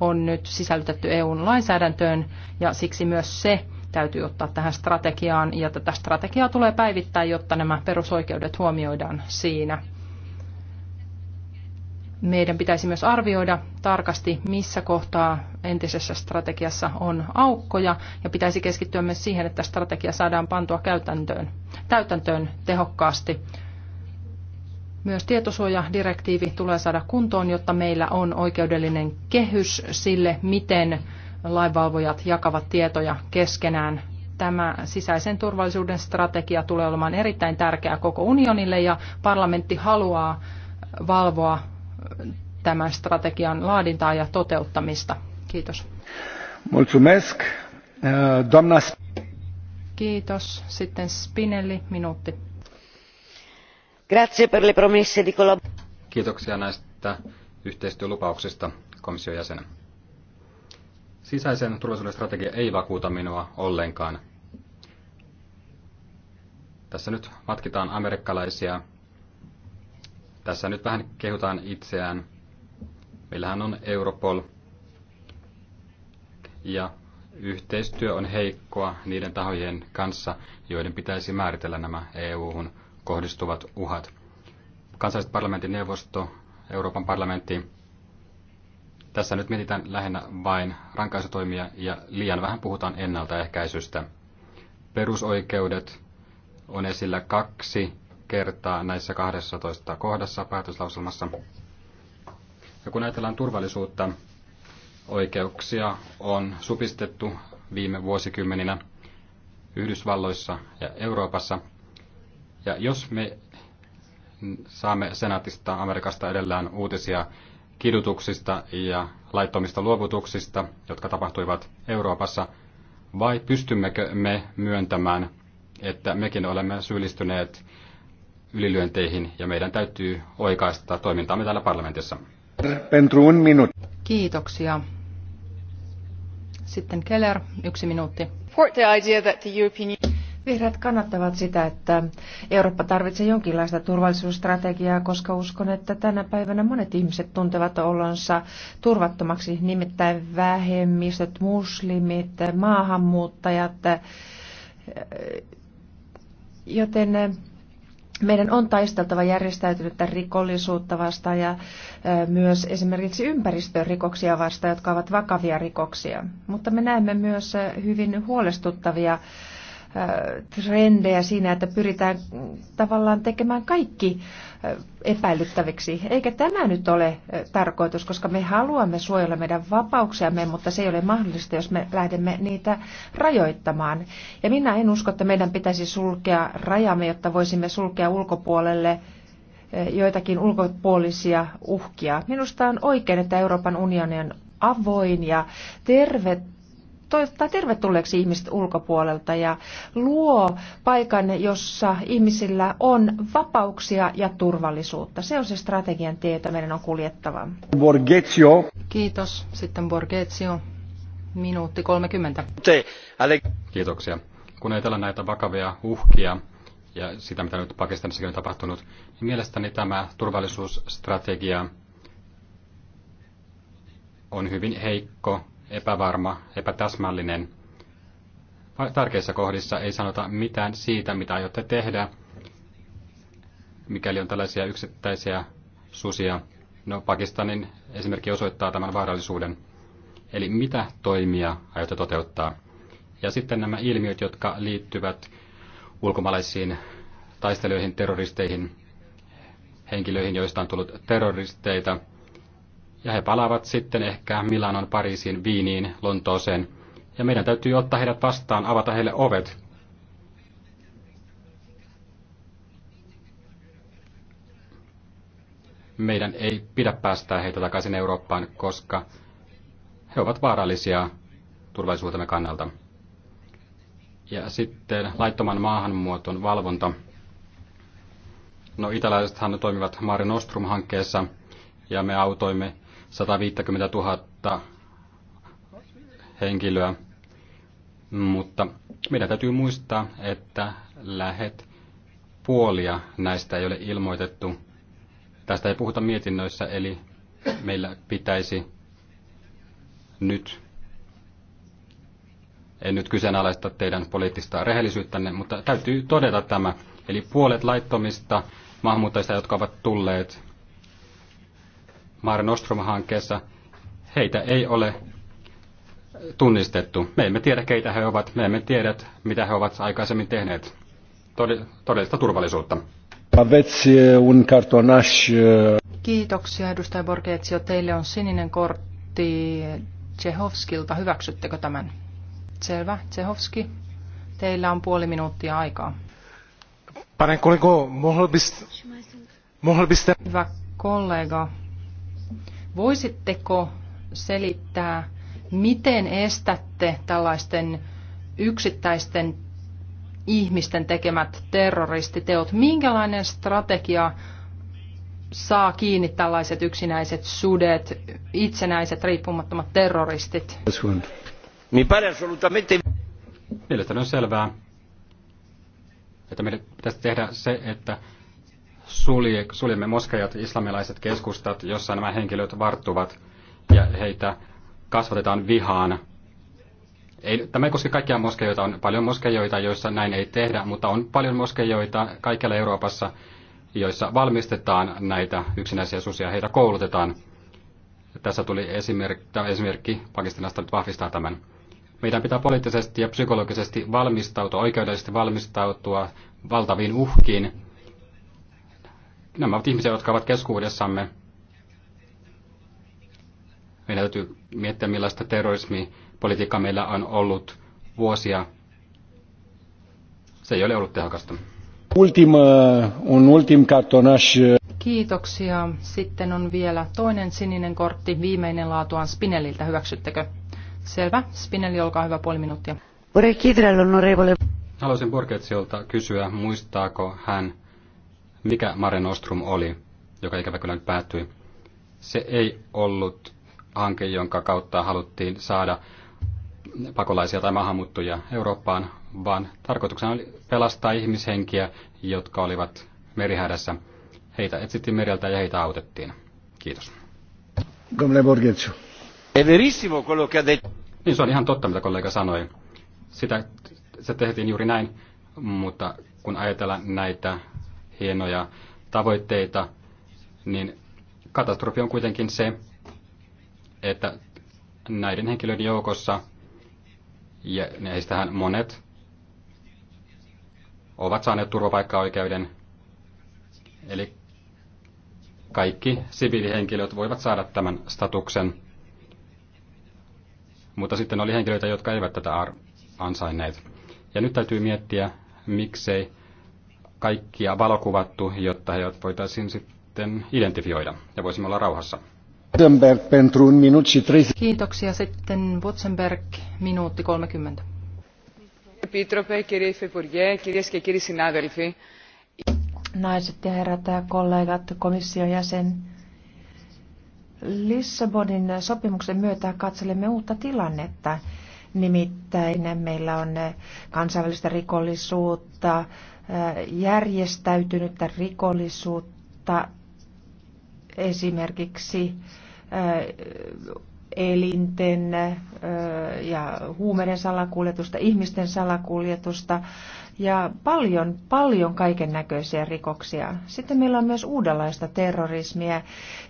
on nyt sisällytetty EUn lainsäädäntöön ja siksi myös se täytyy ottaa tähän strategiaan ja tätä strategiaa tulee päivittää, jotta nämä perusoikeudet huomioidaan siinä meidän pitäisi myös arvioida tarkasti, missä kohtaa entisessä strategiassa on aukkoja, ja pitäisi keskittyä myös siihen, että strategia saadaan pantua käytäntöön, täytäntöön tehokkaasti. Myös tietosuojadirektiivi tulee saada kuntoon, jotta meillä on oikeudellinen kehys sille, miten lainvalvojat jakavat tietoja keskenään. Tämä sisäisen turvallisuuden strategia tulee olemaan erittäin tärkeä koko unionille ja parlamentti haluaa valvoa tämän strategian laadintaa ja toteuttamista. Kiitos. Mulțumesc. Eh, doamna... Kiitos. Sitten Spinelli, minuutti. Grazie per le promesse di Kiitoksia näistä yhteistyölupauksista komission jäsenä. Sisäisen turvallisuuden strategia ei vakuuta minua ollenkaan. Tässä nyt matkitaan amerikkalaisia tässä nyt vähän kehutaan itseään. Meillähän on Europol ja yhteistyö on heikkoa niiden tahojen kanssa, joiden pitäisi määritellä nämä EU-hun kohdistuvat uhat. Kansalliset parlamentin neuvosto, Euroopan parlamentti, tässä nyt mietitään lähinnä vain rankaisutoimia ja liian vähän puhutaan ennaltaehkäisystä. Perusoikeudet on esillä kaksi kertaa näissä 12 kohdassa päätöslauselmassa. Ja kun ajatellaan turvallisuutta, oikeuksia on supistettu viime vuosikymmeninä Yhdysvalloissa ja Euroopassa. Ja jos me saamme senaatista Amerikasta edellään uutisia kidutuksista ja laittomista luovutuksista, jotka tapahtuivat Euroopassa, vai pystymmekö me myöntämään, että mekin olemme syyllistyneet ylilyönteihin ja meidän täytyy oikaista toimintaamme täällä parlamentissa. Kiitoksia. Sitten Keller, yksi minuutti. Vihreät kannattavat sitä, että Eurooppa tarvitsee jonkinlaista turvallisuusstrategiaa, koska uskon, että tänä päivänä monet ihmiset tuntevat olonsa turvattomaksi, nimittäin vähemmistöt, muslimit, maahanmuuttajat, joten meidän on taisteltava järjestäytynyttä rikollisuutta vastaan ja myös esimerkiksi ympäristörikoksia vastaan, jotka ovat vakavia rikoksia. Mutta me näemme myös hyvin huolestuttavia trendejä siinä, että pyritään tavallaan tekemään kaikki epäilyttäviksi. Eikä tämä nyt ole tarkoitus, koska me haluamme suojella meidän vapauksiamme, mutta se ei ole mahdollista, jos me lähdemme niitä rajoittamaan. Ja minä en usko, että meidän pitäisi sulkea rajamme, jotta voisimme sulkea ulkopuolelle joitakin ulkopuolisia uhkia. Minusta on oikein, että Euroopan unioni on avoin ja tervet toivottaa tervetulleeksi ihmiset ulkopuolelta ja luo paikan, jossa ihmisillä on vapauksia ja turvallisuutta. Se on se strategian tie, jota meidän on kuljettava. Borgetio. Kiitos. Sitten Borgetio. Minuutti 30. Te, Kiitoksia. Kun ei tällä näitä vakavia uhkia ja sitä, mitä nyt Pakistanissakin on tapahtunut, niin mielestäni tämä turvallisuusstrategia on hyvin heikko epävarma, epätäsmällinen. Tärkeissä kohdissa ei sanota mitään siitä, mitä aiotte tehdä, mikäli on tällaisia yksittäisiä susia. No, Pakistanin esimerkki osoittaa tämän vaarallisuuden. Eli mitä toimia aiotte toteuttaa? Ja sitten nämä ilmiöt, jotka liittyvät ulkomaalaisiin taistelijoihin, terroristeihin, henkilöihin, joista on tullut terroristeita – ja he palaavat sitten ehkä Milanon, Pariisiin, Viiniin, Lontooseen. Ja meidän täytyy ottaa heidät vastaan, avata heille ovet. Meidän ei pidä päästää heitä takaisin Eurooppaan, koska he ovat vaarallisia turvallisuutemme kannalta. Ja sitten laittoman maahanmuuton valvonta. No italaisethan toimivat Mare Nostrum-hankkeessa ja me autoimme 150 000 henkilöä, mutta meidän täytyy muistaa, että lähet puolia näistä ei ole ilmoitettu. Tästä ei puhuta mietinnöissä, eli meillä pitäisi nyt, en nyt kyseenalaista teidän poliittista rehellisyyttänne, mutta täytyy todeta tämä. Eli puolet laittomista maahanmuuttajista, jotka ovat tulleet Mare Nostrum-hankkeessa, heitä ei ole tunnistettu. Me emme tiedä, keitä he ovat. Me emme tiedä, mitä he ovat aikaisemmin tehneet. Todellista turvallisuutta. Eh, eh. Kiitoksia, edustaja Borgetsio. Teille on sininen kortti Tsehovskilta. Hyväksyttekö tämän? Selvä. Tsehovski, teillä on puoli minuuttia aikaa. Pane kollego, mohl byste... Hyvä kollega, Voisitteko selittää, miten estätte tällaisten yksittäisten ihmisten tekemät terroristiteot? Minkälainen strategia saa kiinni tällaiset yksinäiset sudet, itsenäiset riippumattomat terroristit? Mielestäni on selvää, että meidän pitäisi tehdä se, että sulje, suljemme moskejat, islamilaiset keskustat, jossa nämä henkilöt varttuvat ja heitä kasvatetaan vihaan. Ei, tämä ei koske kaikkia moskejoita. On paljon moskejoita, joissa näin ei tehdä, mutta on paljon moskejoita kaikkialla Euroopassa, joissa valmistetaan näitä yksinäisiä susia, heitä koulutetaan. Tässä tuli esimerk, tämä esimerkki Pakistanasta nyt vahvistaa tämän. Meidän pitää poliittisesti ja psykologisesti valmistautua, oikeudellisesti valmistautua valtaviin uhkiin, nämä ovat ihmisiä, jotka ovat keskuudessamme. Meidän täytyy miettiä, millaista terrorismipolitiikka meillä on ollut vuosia. Se ei ole ollut tehokasta. Ultim, äh, un ultim äh. Kiitoksia. Sitten on vielä toinen sininen kortti, viimeinen laatuaan Spinelliltä. Hyväksyttekö? Selvä. Spinelli, olkaa hyvä, puoli minuuttia. Haluaisin Borgetsiolta kysyä, muistaako hän mikä Mare Nostrum oli, joka ikävä kyllä nyt päättyi. Se ei ollut hanke, jonka kautta haluttiin saada pakolaisia tai maahanmuuttajia Eurooppaan, vaan tarkoituksena oli pelastaa ihmishenkiä, jotka olivat merihädässä. Heitä etsittiin mereltä ja heitä autettiin. Kiitos. Niin se on ihan totta, mitä kollega sanoi. Sitä se tehtiin juuri näin, mutta kun ajatellaan näitä hienoja tavoitteita, niin katastrofi on kuitenkin se, että näiden henkilöiden joukossa, ja näistähän monet ovat saaneet turvapaikkaoikeuden, eli kaikki siviilihenkilöt voivat saada tämän statuksen. Mutta sitten oli henkilöitä, jotka eivät tätä ansainneet. Ja nyt täytyy miettiä, miksei kaikkia valokuvattu, jotta heidät voitaisiin sitten identifioida ja voisimme olla rauhassa. Kiitoksia. Sitten Wotzenberg minuutti 30. Naiset ja herrat ja kollegat, komission jäsen. Lissabonin sopimuksen myötä katselemme uutta tilannetta. Nimittäin meillä on kansainvälistä rikollisuutta, järjestäytynyttä rikollisuutta, esimerkiksi elinten ja huumeiden salakuljetusta, ihmisten salakuljetusta ja paljon, paljon kaiken näköisiä rikoksia. Sitten meillä on myös uudenlaista terrorismia,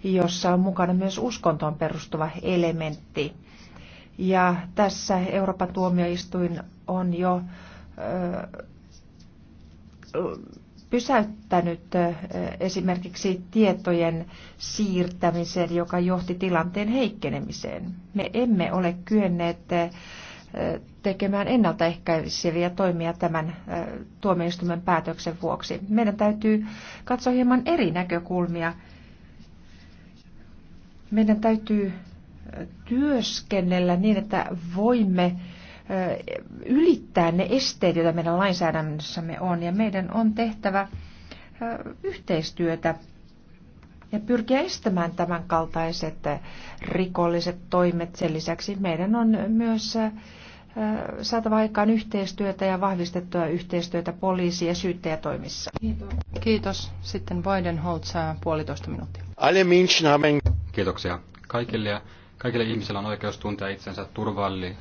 jossa on mukana myös uskontoon perustuva elementti. Ja tässä Euroopan tuomioistuin on jo pysäyttänyt esimerkiksi tietojen siirtämisen, joka johti tilanteen heikkenemiseen. Me emme ole kyenneet tekemään ennaltaehkäiseviä toimia tämän tuomioistuimen päätöksen vuoksi. Meidän täytyy katsoa hieman eri näkökulmia. Meidän täytyy työskennellä niin, että voimme ylittää ne esteet, joita meidän lainsäädännössämme on. Ja meidän on tehtävä yhteistyötä ja pyrkiä estämään tämän kaltaiset rikolliset toimet. Sen lisäksi meidän on myös saatava aikaan yhteistyötä ja vahvistettua yhteistyötä poliisi- ja syyttäjätoimissa. Kiitos. Kiitos. Sitten Weidenholzer puolitoista minuuttia. Kiitoksia. Kaikille, kaikille ihmisillä on oikeus tuntea itsensä turvalli,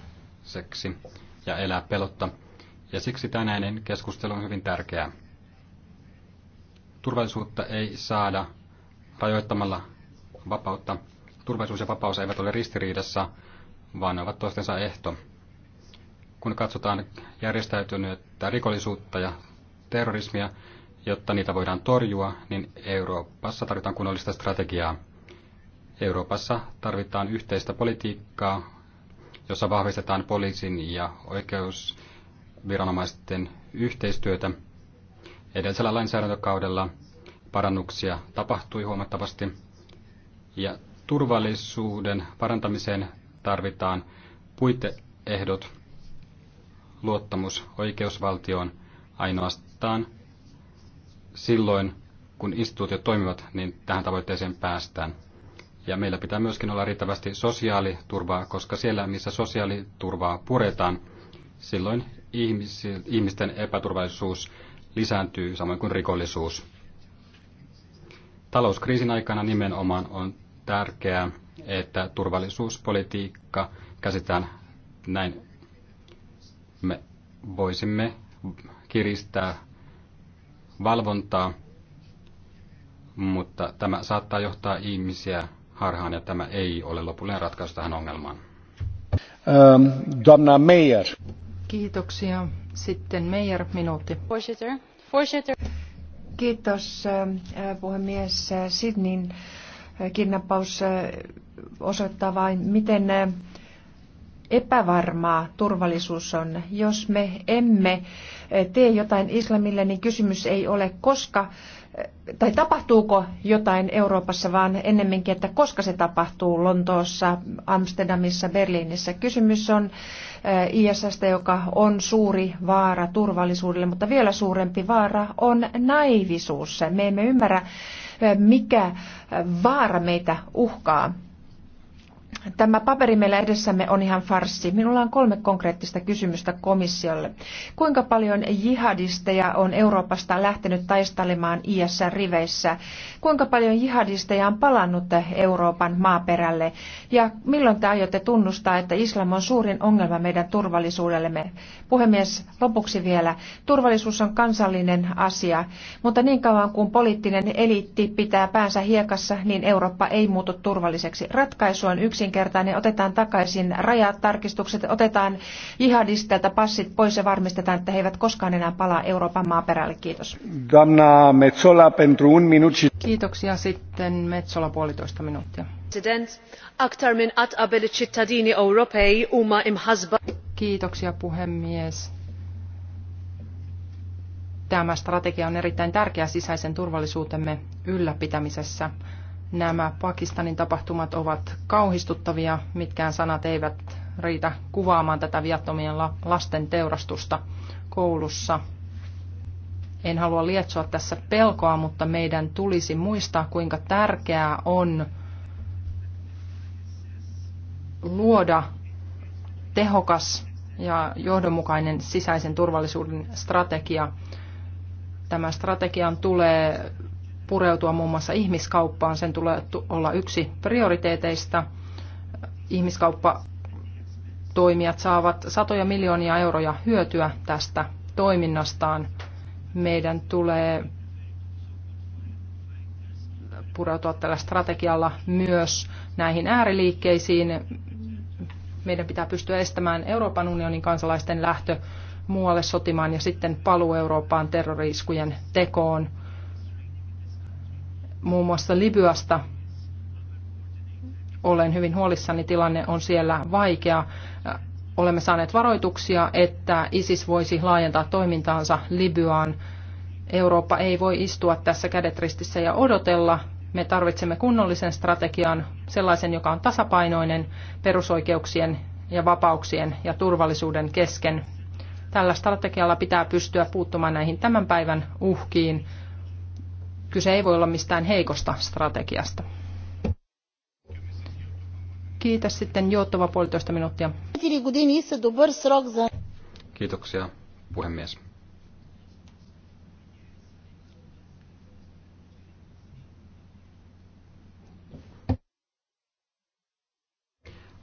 seksi ja elää pelotta, ja siksi tänäinen keskustelu on hyvin tärkeää. Turvallisuutta ei saada rajoittamalla vapautta. Turvallisuus ja vapaus eivät ole ristiriidassa, vaan ne ovat toistensa ehto. Kun katsotaan järjestäytynyttä rikollisuutta ja terrorismia, jotta niitä voidaan torjua, niin Euroopassa tarvitaan kunnollista strategiaa. Euroopassa tarvitaan yhteistä politiikkaa jossa vahvistetaan poliisin ja oikeusviranomaisten yhteistyötä. Edellisellä lainsäädäntökaudella parannuksia tapahtui huomattavasti ja turvallisuuden parantamiseen tarvitaan puiteehdot, luottamus oikeusvaltioon ainoastaan silloin, kun instituutiot toimivat, niin tähän tavoitteeseen päästään. Ja meillä pitää myöskin olla riittävästi sosiaaliturvaa, koska siellä, missä sosiaaliturvaa puretaan, silloin ihmisten epäturvallisuus lisääntyy, samoin kuin rikollisuus. Talouskriisin aikana nimenomaan on tärkeää, että turvallisuuspolitiikka käsitään näin. Me voisimme kiristää valvontaa, mutta tämä saattaa johtaa ihmisiä harhaan ja tämä ei ole lopullinen ratkaisu tähän ongelmaan. Ähm, Donna Kiitoksia. Sitten Meijer, minuutti. Voorzitter. Voorzitter. Kiitos ähm, äh, puhemies. Äh, Sidnin äh, kidnappaus osoittaa vain, miten epävarmaa turvallisuus on. Jos me emme tee jotain islamille, niin kysymys ei ole, koska tai tapahtuuko jotain Euroopassa, vaan ennemminkin, että koska se tapahtuu Lontoossa, Amsterdamissa, Berliinissä. Kysymys on eh, ISS, joka on suuri vaara turvallisuudelle, mutta vielä suurempi vaara on naivisuus. Me emme ymmärrä, eh, mikä vaara meitä uhkaa. Tämä paperi meillä edessämme on ihan farssi. Minulla on kolme konkreettista kysymystä komissiolle. Kuinka paljon jihadisteja on Euroopasta lähtenyt taistelemaan IS-riveissä? Kuinka paljon jihadisteja on palannut Euroopan maaperälle? Ja milloin te aiotte tunnustaa, että islam on suurin ongelma meidän turvallisuudellemme? Puhemies, lopuksi vielä. Turvallisuus on kansallinen asia, mutta niin kauan kuin poliittinen eliitti pitää päänsä hiekassa, niin Eurooppa ei muutu turvalliseksi. Ratkaisu on yksi yksinkertainen. Otetaan takaisin rajat, tarkistukset, otetaan jihadistelta passit pois ja varmistetaan, että he eivät koskaan enää palaa Euroopan maaperälle. Kiitos. Damna Metsola pentru un minut. Kiitoksia sitten Metsola puolitoista minuuttia. President, aktar min at abel cittadini europei uma imhasba. Kiitoksia puhemies. Tämä strategia on erittäin tärkeä sisäisen turvallisuutemme ylläpitämisessä. Nämä Pakistanin tapahtumat ovat kauhistuttavia, mitkään sanat eivät riitä kuvaamaan tätä viattomien lasten teurastusta koulussa. En halua lietsoa tässä pelkoa, mutta meidän tulisi muistaa, kuinka tärkeää on luoda tehokas ja johdonmukainen sisäisen turvallisuuden strategia. Tämän strategian tulee pureutua muun muassa ihmiskauppaan. Sen tulee olla yksi prioriteeteista. Ihmiskauppa toimijat saavat satoja miljoonia euroja hyötyä tästä toiminnastaan. Meidän tulee pureutua tällä strategialla myös näihin ääriliikkeisiin. Meidän pitää pystyä estämään Euroopan unionin kansalaisten lähtö muualle sotimaan ja sitten paluu Eurooppaan terroriiskujen tekoon muun muassa Libyasta. Olen hyvin huolissani, tilanne on siellä vaikea. Olemme saaneet varoituksia, että ISIS voisi laajentaa toimintaansa Libyaan. Eurooppa ei voi istua tässä kädet ristissä ja odotella. Me tarvitsemme kunnollisen strategian, sellaisen, joka on tasapainoinen perusoikeuksien ja vapauksien ja turvallisuuden kesken. Tällä strategialla pitää pystyä puuttumaan näihin tämän päivän uhkiin, Kyse ei voi olla mistään heikosta strategiasta. Kiitos sitten Jouttava puolitoista minuuttia. Kiitoksia puhemies.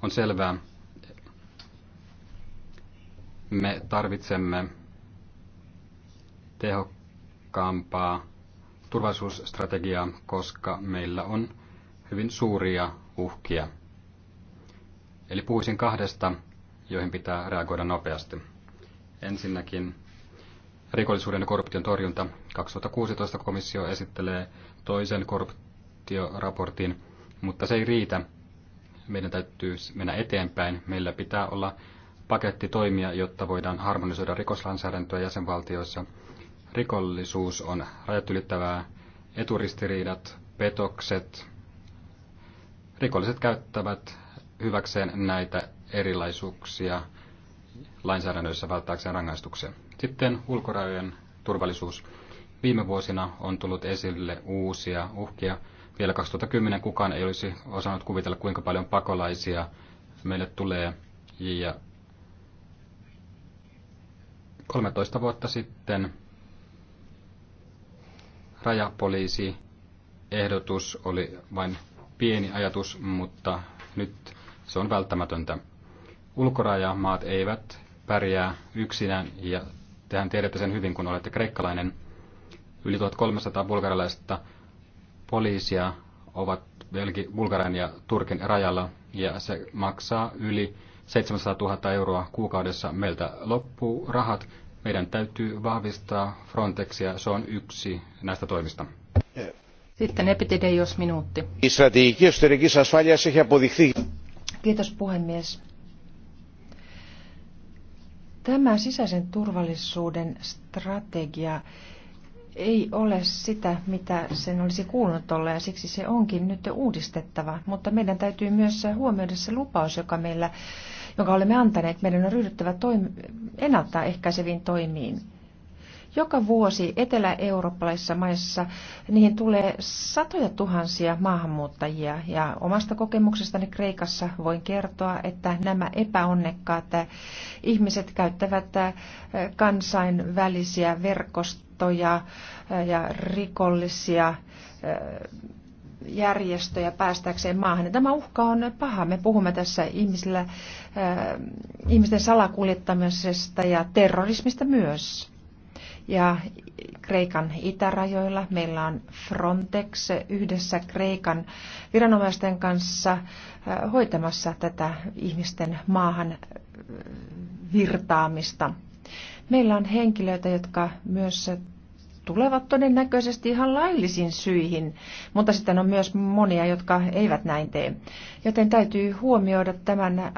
On selvää, me tarvitsemme tehokkaampaa turvallisuusstrategiaa, koska meillä on hyvin suuria uhkia. Eli puhuisin kahdesta, joihin pitää reagoida nopeasti. Ensinnäkin rikollisuuden ja korruption torjunta. 2016 komissio esittelee toisen korruptioraportin, mutta se ei riitä. Meidän täytyy mennä eteenpäin. Meillä pitää olla paketti toimia, jotta voidaan harmonisoida rikoslainsäädäntöä jäsenvaltioissa – rikollisuus on rajat ylittävää, eturistiriidat, petokset. Rikolliset käyttävät hyväkseen näitä erilaisuuksia lainsäädännössä välttääkseen rangaistuksia. Sitten ulkorajojen turvallisuus. Viime vuosina on tullut esille uusia uhkia. Vielä 2010 kukaan ei olisi osannut kuvitella, kuinka paljon pakolaisia meille tulee. Ja 13 vuotta sitten rajapoliisi ehdotus oli vain pieni ajatus, mutta nyt se on välttämätöntä. Ulkorajamaat eivät pärjää yksinään ja tehän tiedätte sen hyvin, kun olette kreikkalainen. Yli 1300 bulgarilaista poliisia ovat Belgi, Bulgarian ja Turkin rajalla ja se maksaa yli 700 000 euroa kuukaudessa. Meiltä loppuu rahat meidän täytyy vahvistaa Frontexia, se on yksi näistä toimista. Sitten epitideios minuutti. Kiitos puhemies. Tämä sisäisen turvallisuuden strategia ei ole sitä, mitä sen olisi kuulunut olla ja siksi se onkin nyt uudistettava. Mutta meidän täytyy myös huomioida se lupaus, joka meillä jonka olemme antaneet, meidän on ryhdyttävä toim- ennaltaehkäiseviin toimiin. Joka vuosi etelä-eurooppalaisissa maissa niihin tulee satoja tuhansia maahanmuuttajia ja omasta kokemuksestani Kreikassa voin kertoa, että nämä epäonnekkaat ihmiset käyttävät kansainvälisiä verkostoja ja rikollisia järjestöjä päästäkseen maahan. Ja tämä uhka on paha. Me puhumme tässä ihmisillä, äh, ihmisten salakuljettamisesta ja terrorismista myös. Ja Kreikan itärajoilla meillä on Frontex yhdessä Kreikan viranomaisten kanssa äh, hoitamassa tätä ihmisten maahan äh, virtaamista. Meillä on henkilöitä, jotka myös tulevat todennäköisesti ihan laillisiin syihin, mutta sitten on myös monia, jotka eivät näin tee. Joten täytyy huomioida tämän äh,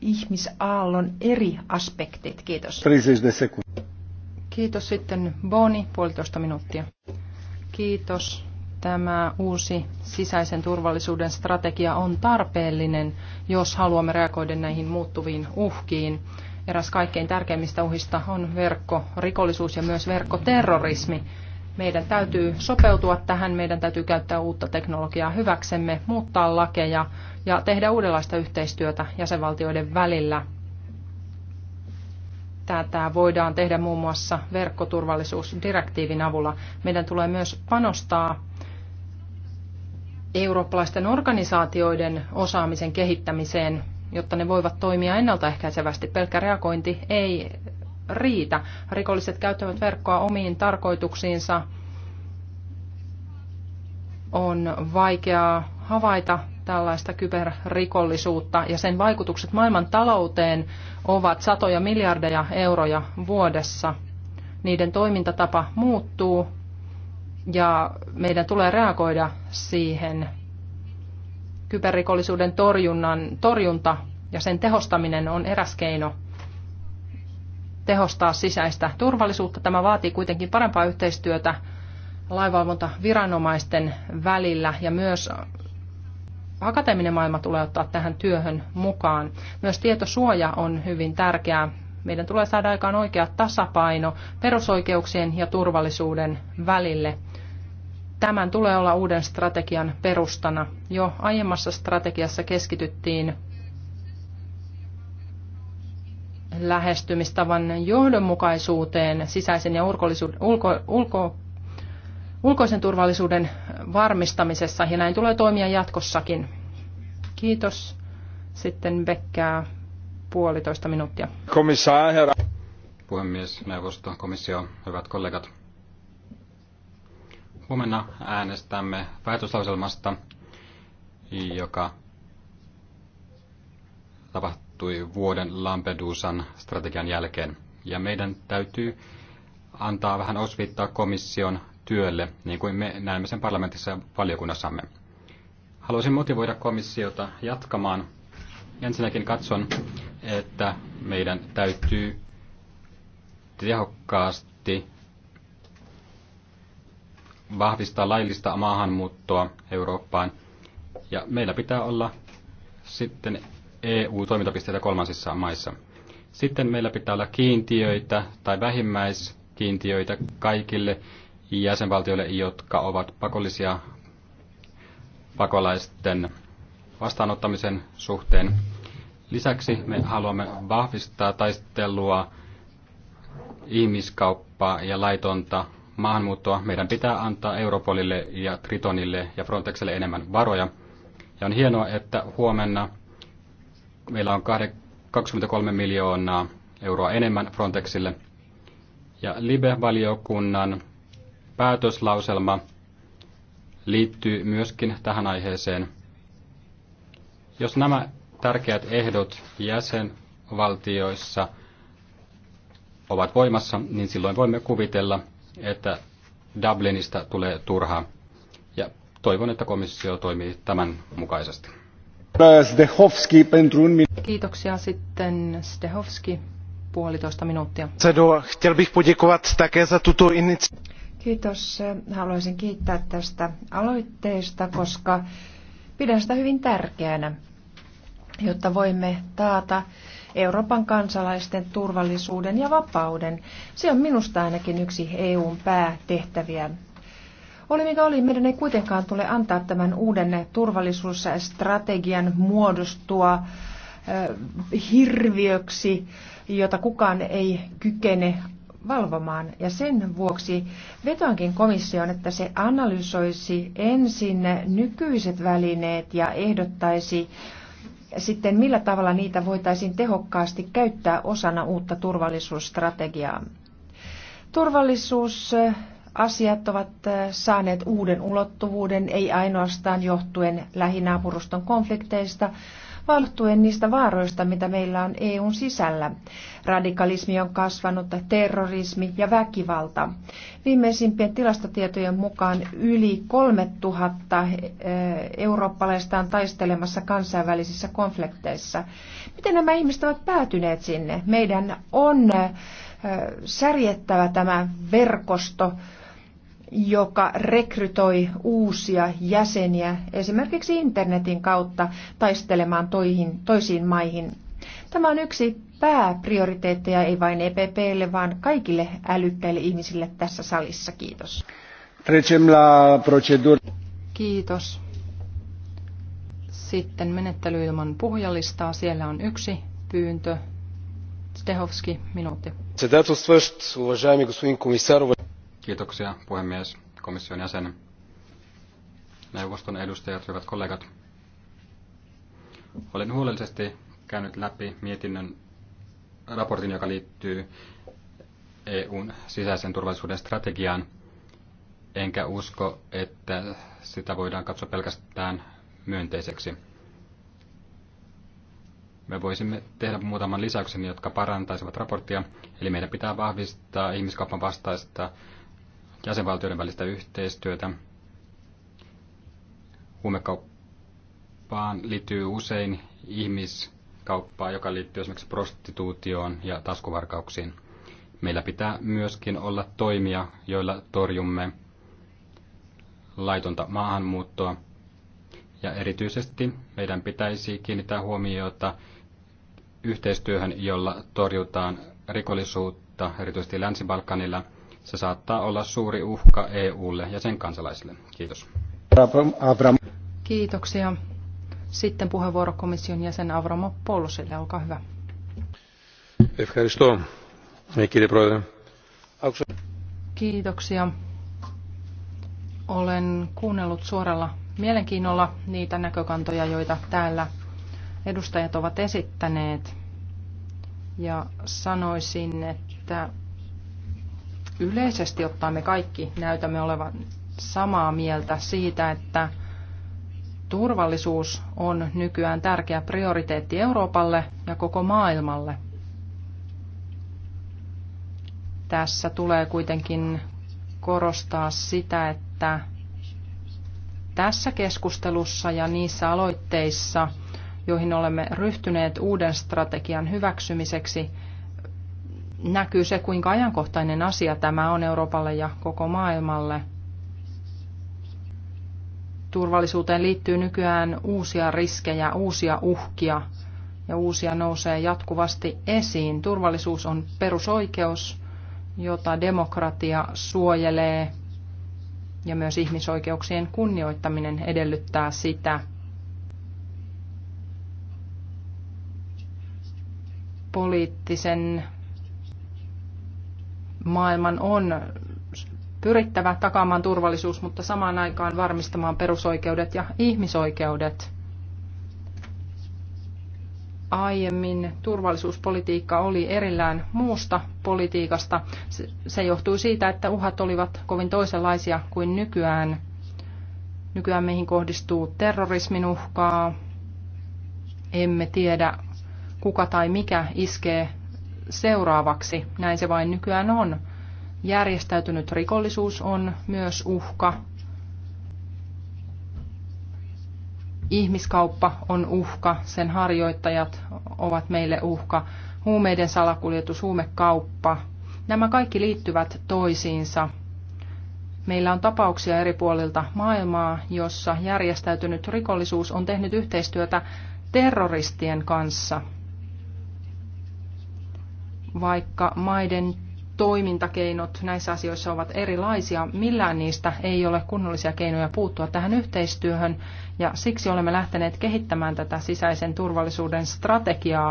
ihmisaallon eri aspektit. Kiitos. Kiitos sitten Boni, puolitoista minuuttia. Kiitos. Tämä uusi sisäisen turvallisuuden strategia on tarpeellinen, jos haluamme reagoida näihin muuttuviin uhkiin. Eräs kaikkein tärkeimmistä uhista on verkkorikollisuus ja myös verkkoterrorismi. Meidän täytyy sopeutua tähän, meidän täytyy käyttää uutta teknologiaa hyväksemme, muuttaa lakeja ja tehdä uudenlaista yhteistyötä jäsenvaltioiden välillä. Tätä voidaan tehdä muun muassa verkkoturvallisuusdirektiivin avulla. Meidän tulee myös panostaa eurooppalaisten organisaatioiden osaamisen kehittämiseen jotta ne voivat toimia ennaltaehkäisevästi. Pelkkä reagointi ei riitä. Rikolliset käyttävät verkkoa omiin tarkoituksiinsa. On vaikeaa havaita tällaista kyberrikollisuutta ja sen vaikutukset maailman talouteen ovat satoja miljardeja euroja vuodessa. Niiden toimintatapa muuttuu ja meidän tulee reagoida siihen. Kyberrikollisuuden torjunnan, torjunta ja sen tehostaminen on eräs keino tehostaa sisäistä turvallisuutta. Tämä vaatii kuitenkin parempaa yhteistyötä laivalvontaviranomaisten välillä ja myös akateeminen maailma tulee ottaa tähän työhön mukaan. Myös tietosuoja on hyvin tärkeää. Meidän tulee saada aikaan oikea tasapaino perusoikeuksien ja turvallisuuden välille. Tämän tulee olla uuden strategian perustana. Jo aiemmassa strategiassa keskityttiin lähestymistavan johdonmukaisuuteen sisäisen ja ulko, ulko, ulkoisen turvallisuuden varmistamisessa, ja näin tulee toimia jatkossakin. Kiitos. Sitten Bekkää puolitoista minuuttia. Komissaari, puhemies, neuvosto, komissio, hyvät kollegat. Huomenna äänestämme päätöslauselmasta, joka tapahtui vuoden Lampedusan strategian jälkeen. Ja meidän täytyy antaa vähän osviittaa komission työlle, niin kuin me näemme sen parlamentissa ja valiokunnassamme. Haluaisin motivoida komissiota jatkamaan. Ensinnäkin katson, että meidän täytyy tehokkaasti vahvistaa laillista maahanmuuttoa Eurooppaan. Ja meillä pitää olla sitten EU-toimintapisteitä kolmansissa maissa. Sitten meillä pitää olla kiintiöitä tai vähimmäiskiintiöitä kaikille jäsenvaltioille, jotka ovat pakollisia pakolaisten vastaanottamisen suhteen. Lisäksi me haluamme vahvistaa taistelua ihmiskauppaa ja laitonta maahanmuuttoa, meidän pitää antaa Europolille ja Tritonille ja Frontexille enemmän varoja. Ja on hienoa, että huomenna meillä on 23 miljoonaa euroa enemmän Frontexille. Ja Libe-valiokunnan päätöslauselma liittyy myöskin tähän aiheeseen. Jos nämä tärkeät ehdot jäsenvaltioissa ovat voimassa, niin silloin voimme kuvitella, että Dublinista tulee turha. Ja toivon, että komissio toimii tämän mukaisesti. Kiitoksia sitten Stehovski, puolitoista minuuttia. Kiitos. Haluaisin kiittää tästä aloitteesta, koska pidän sitä hyvin tärkeänä, jotta voimme taata Euroopan kansalaisten turvallisuuden ja vapauden. Se on minusta ainakin yksi EUn päätehtäviä. Oli mikä oli, meidän ei kuitenkaan tule antaa tämän uuden turvallisuusstrategian muodostua hirviöksi, jota kukaan ei kykene valvomaan. Ja sen vuoksi vetoankin komission, että se analysoisi ensin nykyiset välineet ja ehdottaisi sitten millä tavalla niitä voitaisiin tehokkaasti käyttää osana uutta turvallisuusstrategiaa. Turvallisuusasiat ovat äh, saaneet uuden ulottuvuuden, ei ainoastaan johtuen lähinaapuruston konflikteista, valtuen niistä vaaroista, mitä meillä on EUn sisällä. Radikalismi on kasvanut, terrorismi ja väkivalta. Viimeisimpien tilastotietojen mukaan yli 3000 eh, eurooppalaista on taistelemassa kansainvälisissä konflikteissa. Miten nämä ihmiset ovat päätyneet sinne? Meidän on eh, särjettävä tämä verkosto, joka rekrytoi uusia jäseniä esimerkiksi internetin kautta taistelemaan toihin, toisiin maihin. Tämä on yksi pääprioriteetteja ei vain EPPlle, vaan kaikille älykkäille ihmisille tässä salissa. Kiitos. Kiitos. Sitten menettely ilman puhujalistaa. Siellä on yksi pyyntö. Stehovski, minuutti. Kiitoksia puhemies, komission jäsen, neuvoston edustajat, hyvät kollegat. Olen huolellisesti käynyt läpi mietinnön raportin, joka liittyy EUn sisäisen turvallisuuden strategiaan, enkä usko, että sitä voidaan katsoa pelkästään myönteiseksi. Me voisimme tehdä muutaman lisäyksen, jotka parantaisivat raporttia, eli meidän pitää vahvistaa ihmiskaupan vastaista jäsenvaltioiden välistä yhteistyötä. Huumekauppaan liittyy usein ihmiskauppaa, joka liittyy esimerkiksi prostituutioon ja taskuvarkauksiin. Meillä pitää myöskin olla toimia, joilla torjumme laitonta maahanmuuttoa. Ja erityisesti meidän pitäisi kiinnittää huomiota yhteistyöhön, jolla torjutaan rikollisuutta, erityisesti Länsi-Balkanilla – se saattaa olla suuri uhka EUlle ja sen kansalaisille. Kiitos. Kiitoksia. Sitten puheenvuoro komission jäsen Avramo Polsille. Olkaa hyvä. Kiitoksia. Olen kuunnellut suoralla mielenkiinnolla niitä näkökantoja, joita täällä edustajat ovat esittäneet. Ja sanoisin, että yleisesti ottaen me kaikki näytämme olevan samaa mieltä siitä, että turvallisuus on nykyään tärkeä prioriteetti Euroopalle ja koko maailmalle. Tässä tulee kuitenkin korostaa sitä, että tässä keskustelussa ja niissä aloitteissa, joihin olemme ryhtyneet uuden strategian hyväksymiseksi, näkyy se, kuinka ajankohtainen asia tämä on Euroopalle ja koko maailmalle. Turvallisuuteen liittyy nykyään uusia riskejä, uusia uhkia ja uusia nousee jatkuvasti esiin. Turvallisuus on perusoikeus, jota demokratia suojelee ja myös ihmisoikeuksien kunnioittaminen edellyttää sitä. Poliittisen maailman on pyrittävä takaamaan turvallisuus, mutta samaan aikaan varmistamaan perusoikeudet ja ihmisoikeudet. Aiemmin turvallisuuspolitiikka oli erillään muusta politiikasta. Se johtui siitä, että uhat olivat kovin toisenlaisia kuin nykyään. Nykyään meihin kohdistuu terrorismin uhkaa. Emme tiedä, kuka tai mikä iskee seuraavaksi. Näin se vain nykyään on. Järjestäytynyt rikollisuus on myös uhka. Ihmiskauppa on uhka, sen harjoittajat ovat meille uhka. Huumeiden salakuljetus, huumekauppa, nämä kaikki liittyvät toisiinsa. Meillä on tapauksia eri puolilta maailmaa, jossa järjestäytynyt rikollisuus on tehnyt yhteistyötä terroristien kanssa – vaikka maiden toimintakeinot näissä asioissa ovat erilaisia, millään niistä ei ole kunnollisia keinoja puuttua tähän yhteistyöhön, ja siksi olemme lähteneet kehittämään tätä sisäisen turvallisuuden strategiaa.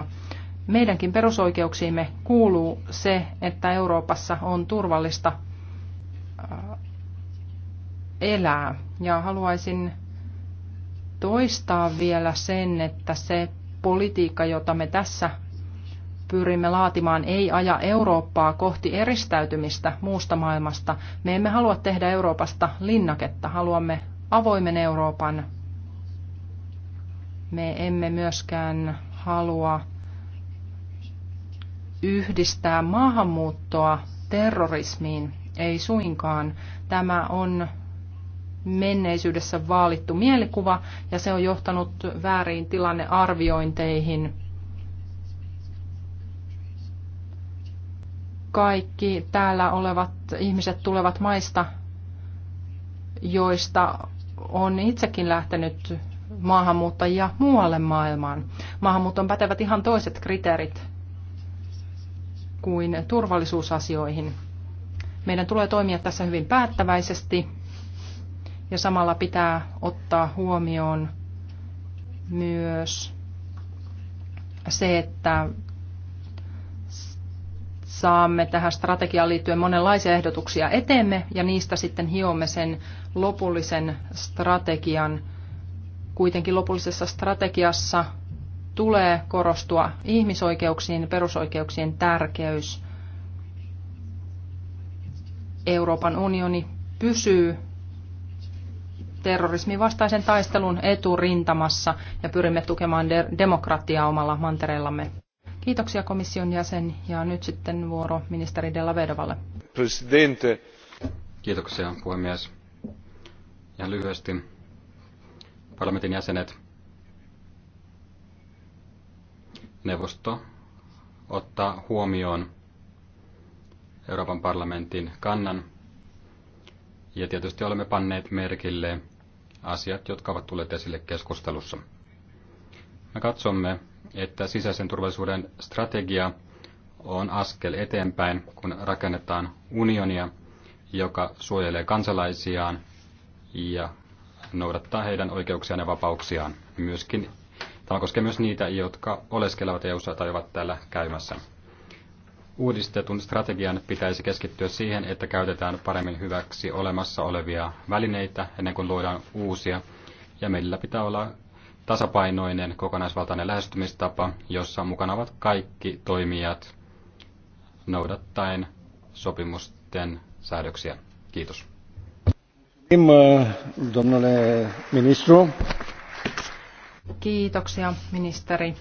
Meidänkin perusoikeuksiimme kuuluu se, että Euroopassa on turvallista äh, elää. Ja haluaisin toistaa vielä sen, että se politiikka, jota me tässä pyrimme laatimaan ei aja Eurooppaa kohti eristäytymistä muusta maailmasta. Me emme halua tehdä Euroopasta linnaketta, haluamme avoimen Euroopan. Me emme myöskään halua yhdistää maahanmuuttoa terrorismiin, ei suinkaan. Tämä on menneisyydessä vaalittu mielikuva ja se on johtanut vääriin tilannearviointeihin kaikki täällä olevat ihmiset tulevat maista, joista on itsekin lähtenyt maahanmuuttajia muualle maailmaan. Maahanmuuton pätevät ihan toiset kriteerit kuin turvallisuusasioihin. Meidän tulee toimia tässä hyvin päättäväisesti ja samalla pitää ottaa huomioon myös se, että saamme tähän strategiaan liittyen monenlaisia ehdotuksia eteemme ja niistä sitten hiomme sen lopullisen strategian. Kuitenkin lopullisessa strategiassa tulee korostua ihmisoikeuksiin ja perusoikeuksien tärkeys. Euroopan unioni pysyy terrorismin vastaisen taistelun eturintamassa ja pyrimme tukemaan demokratiaa omalla mantereellamme. Kiitoksia komission jäsen ja nyt sitten vuoro ministeri Della Vedovalle. Presidente. Kiitoksia puhemies. Ja lyhyesti parlamentin jäsenet. Neuvosto ottaa huomioon Euroopan parlamentin kannan. Ja tietysti olemme panneet merkille asiat, jotka ovat tulleet esille keskustelussa. Me katsomme, että sisäisen turvallisuuden strategia on askel eteenpäin, kun rakennetaan unionia, joka suojelee kansalaisiaan ja noudattaa heidän oikeuksiaan ja vapauksiaan. Myöskin, tämä koskee myös niitä, jotka oleskelevat eu tai ovat täällä käymässä. Uudistetun strategian pitäisi keskittyä siihen, että käytetään paremmin hyväksi olemassa olevia välineitä ennen kuin luodaan uusia, ja meillä pitää olla tasapainoinen kokonaisvaltainen lähestymistapa, jossa mukana ovat kaikki toimijat noudattaen sopimusten säädöksiä. Kiitos. Eh, Kiitoksia, ministeri.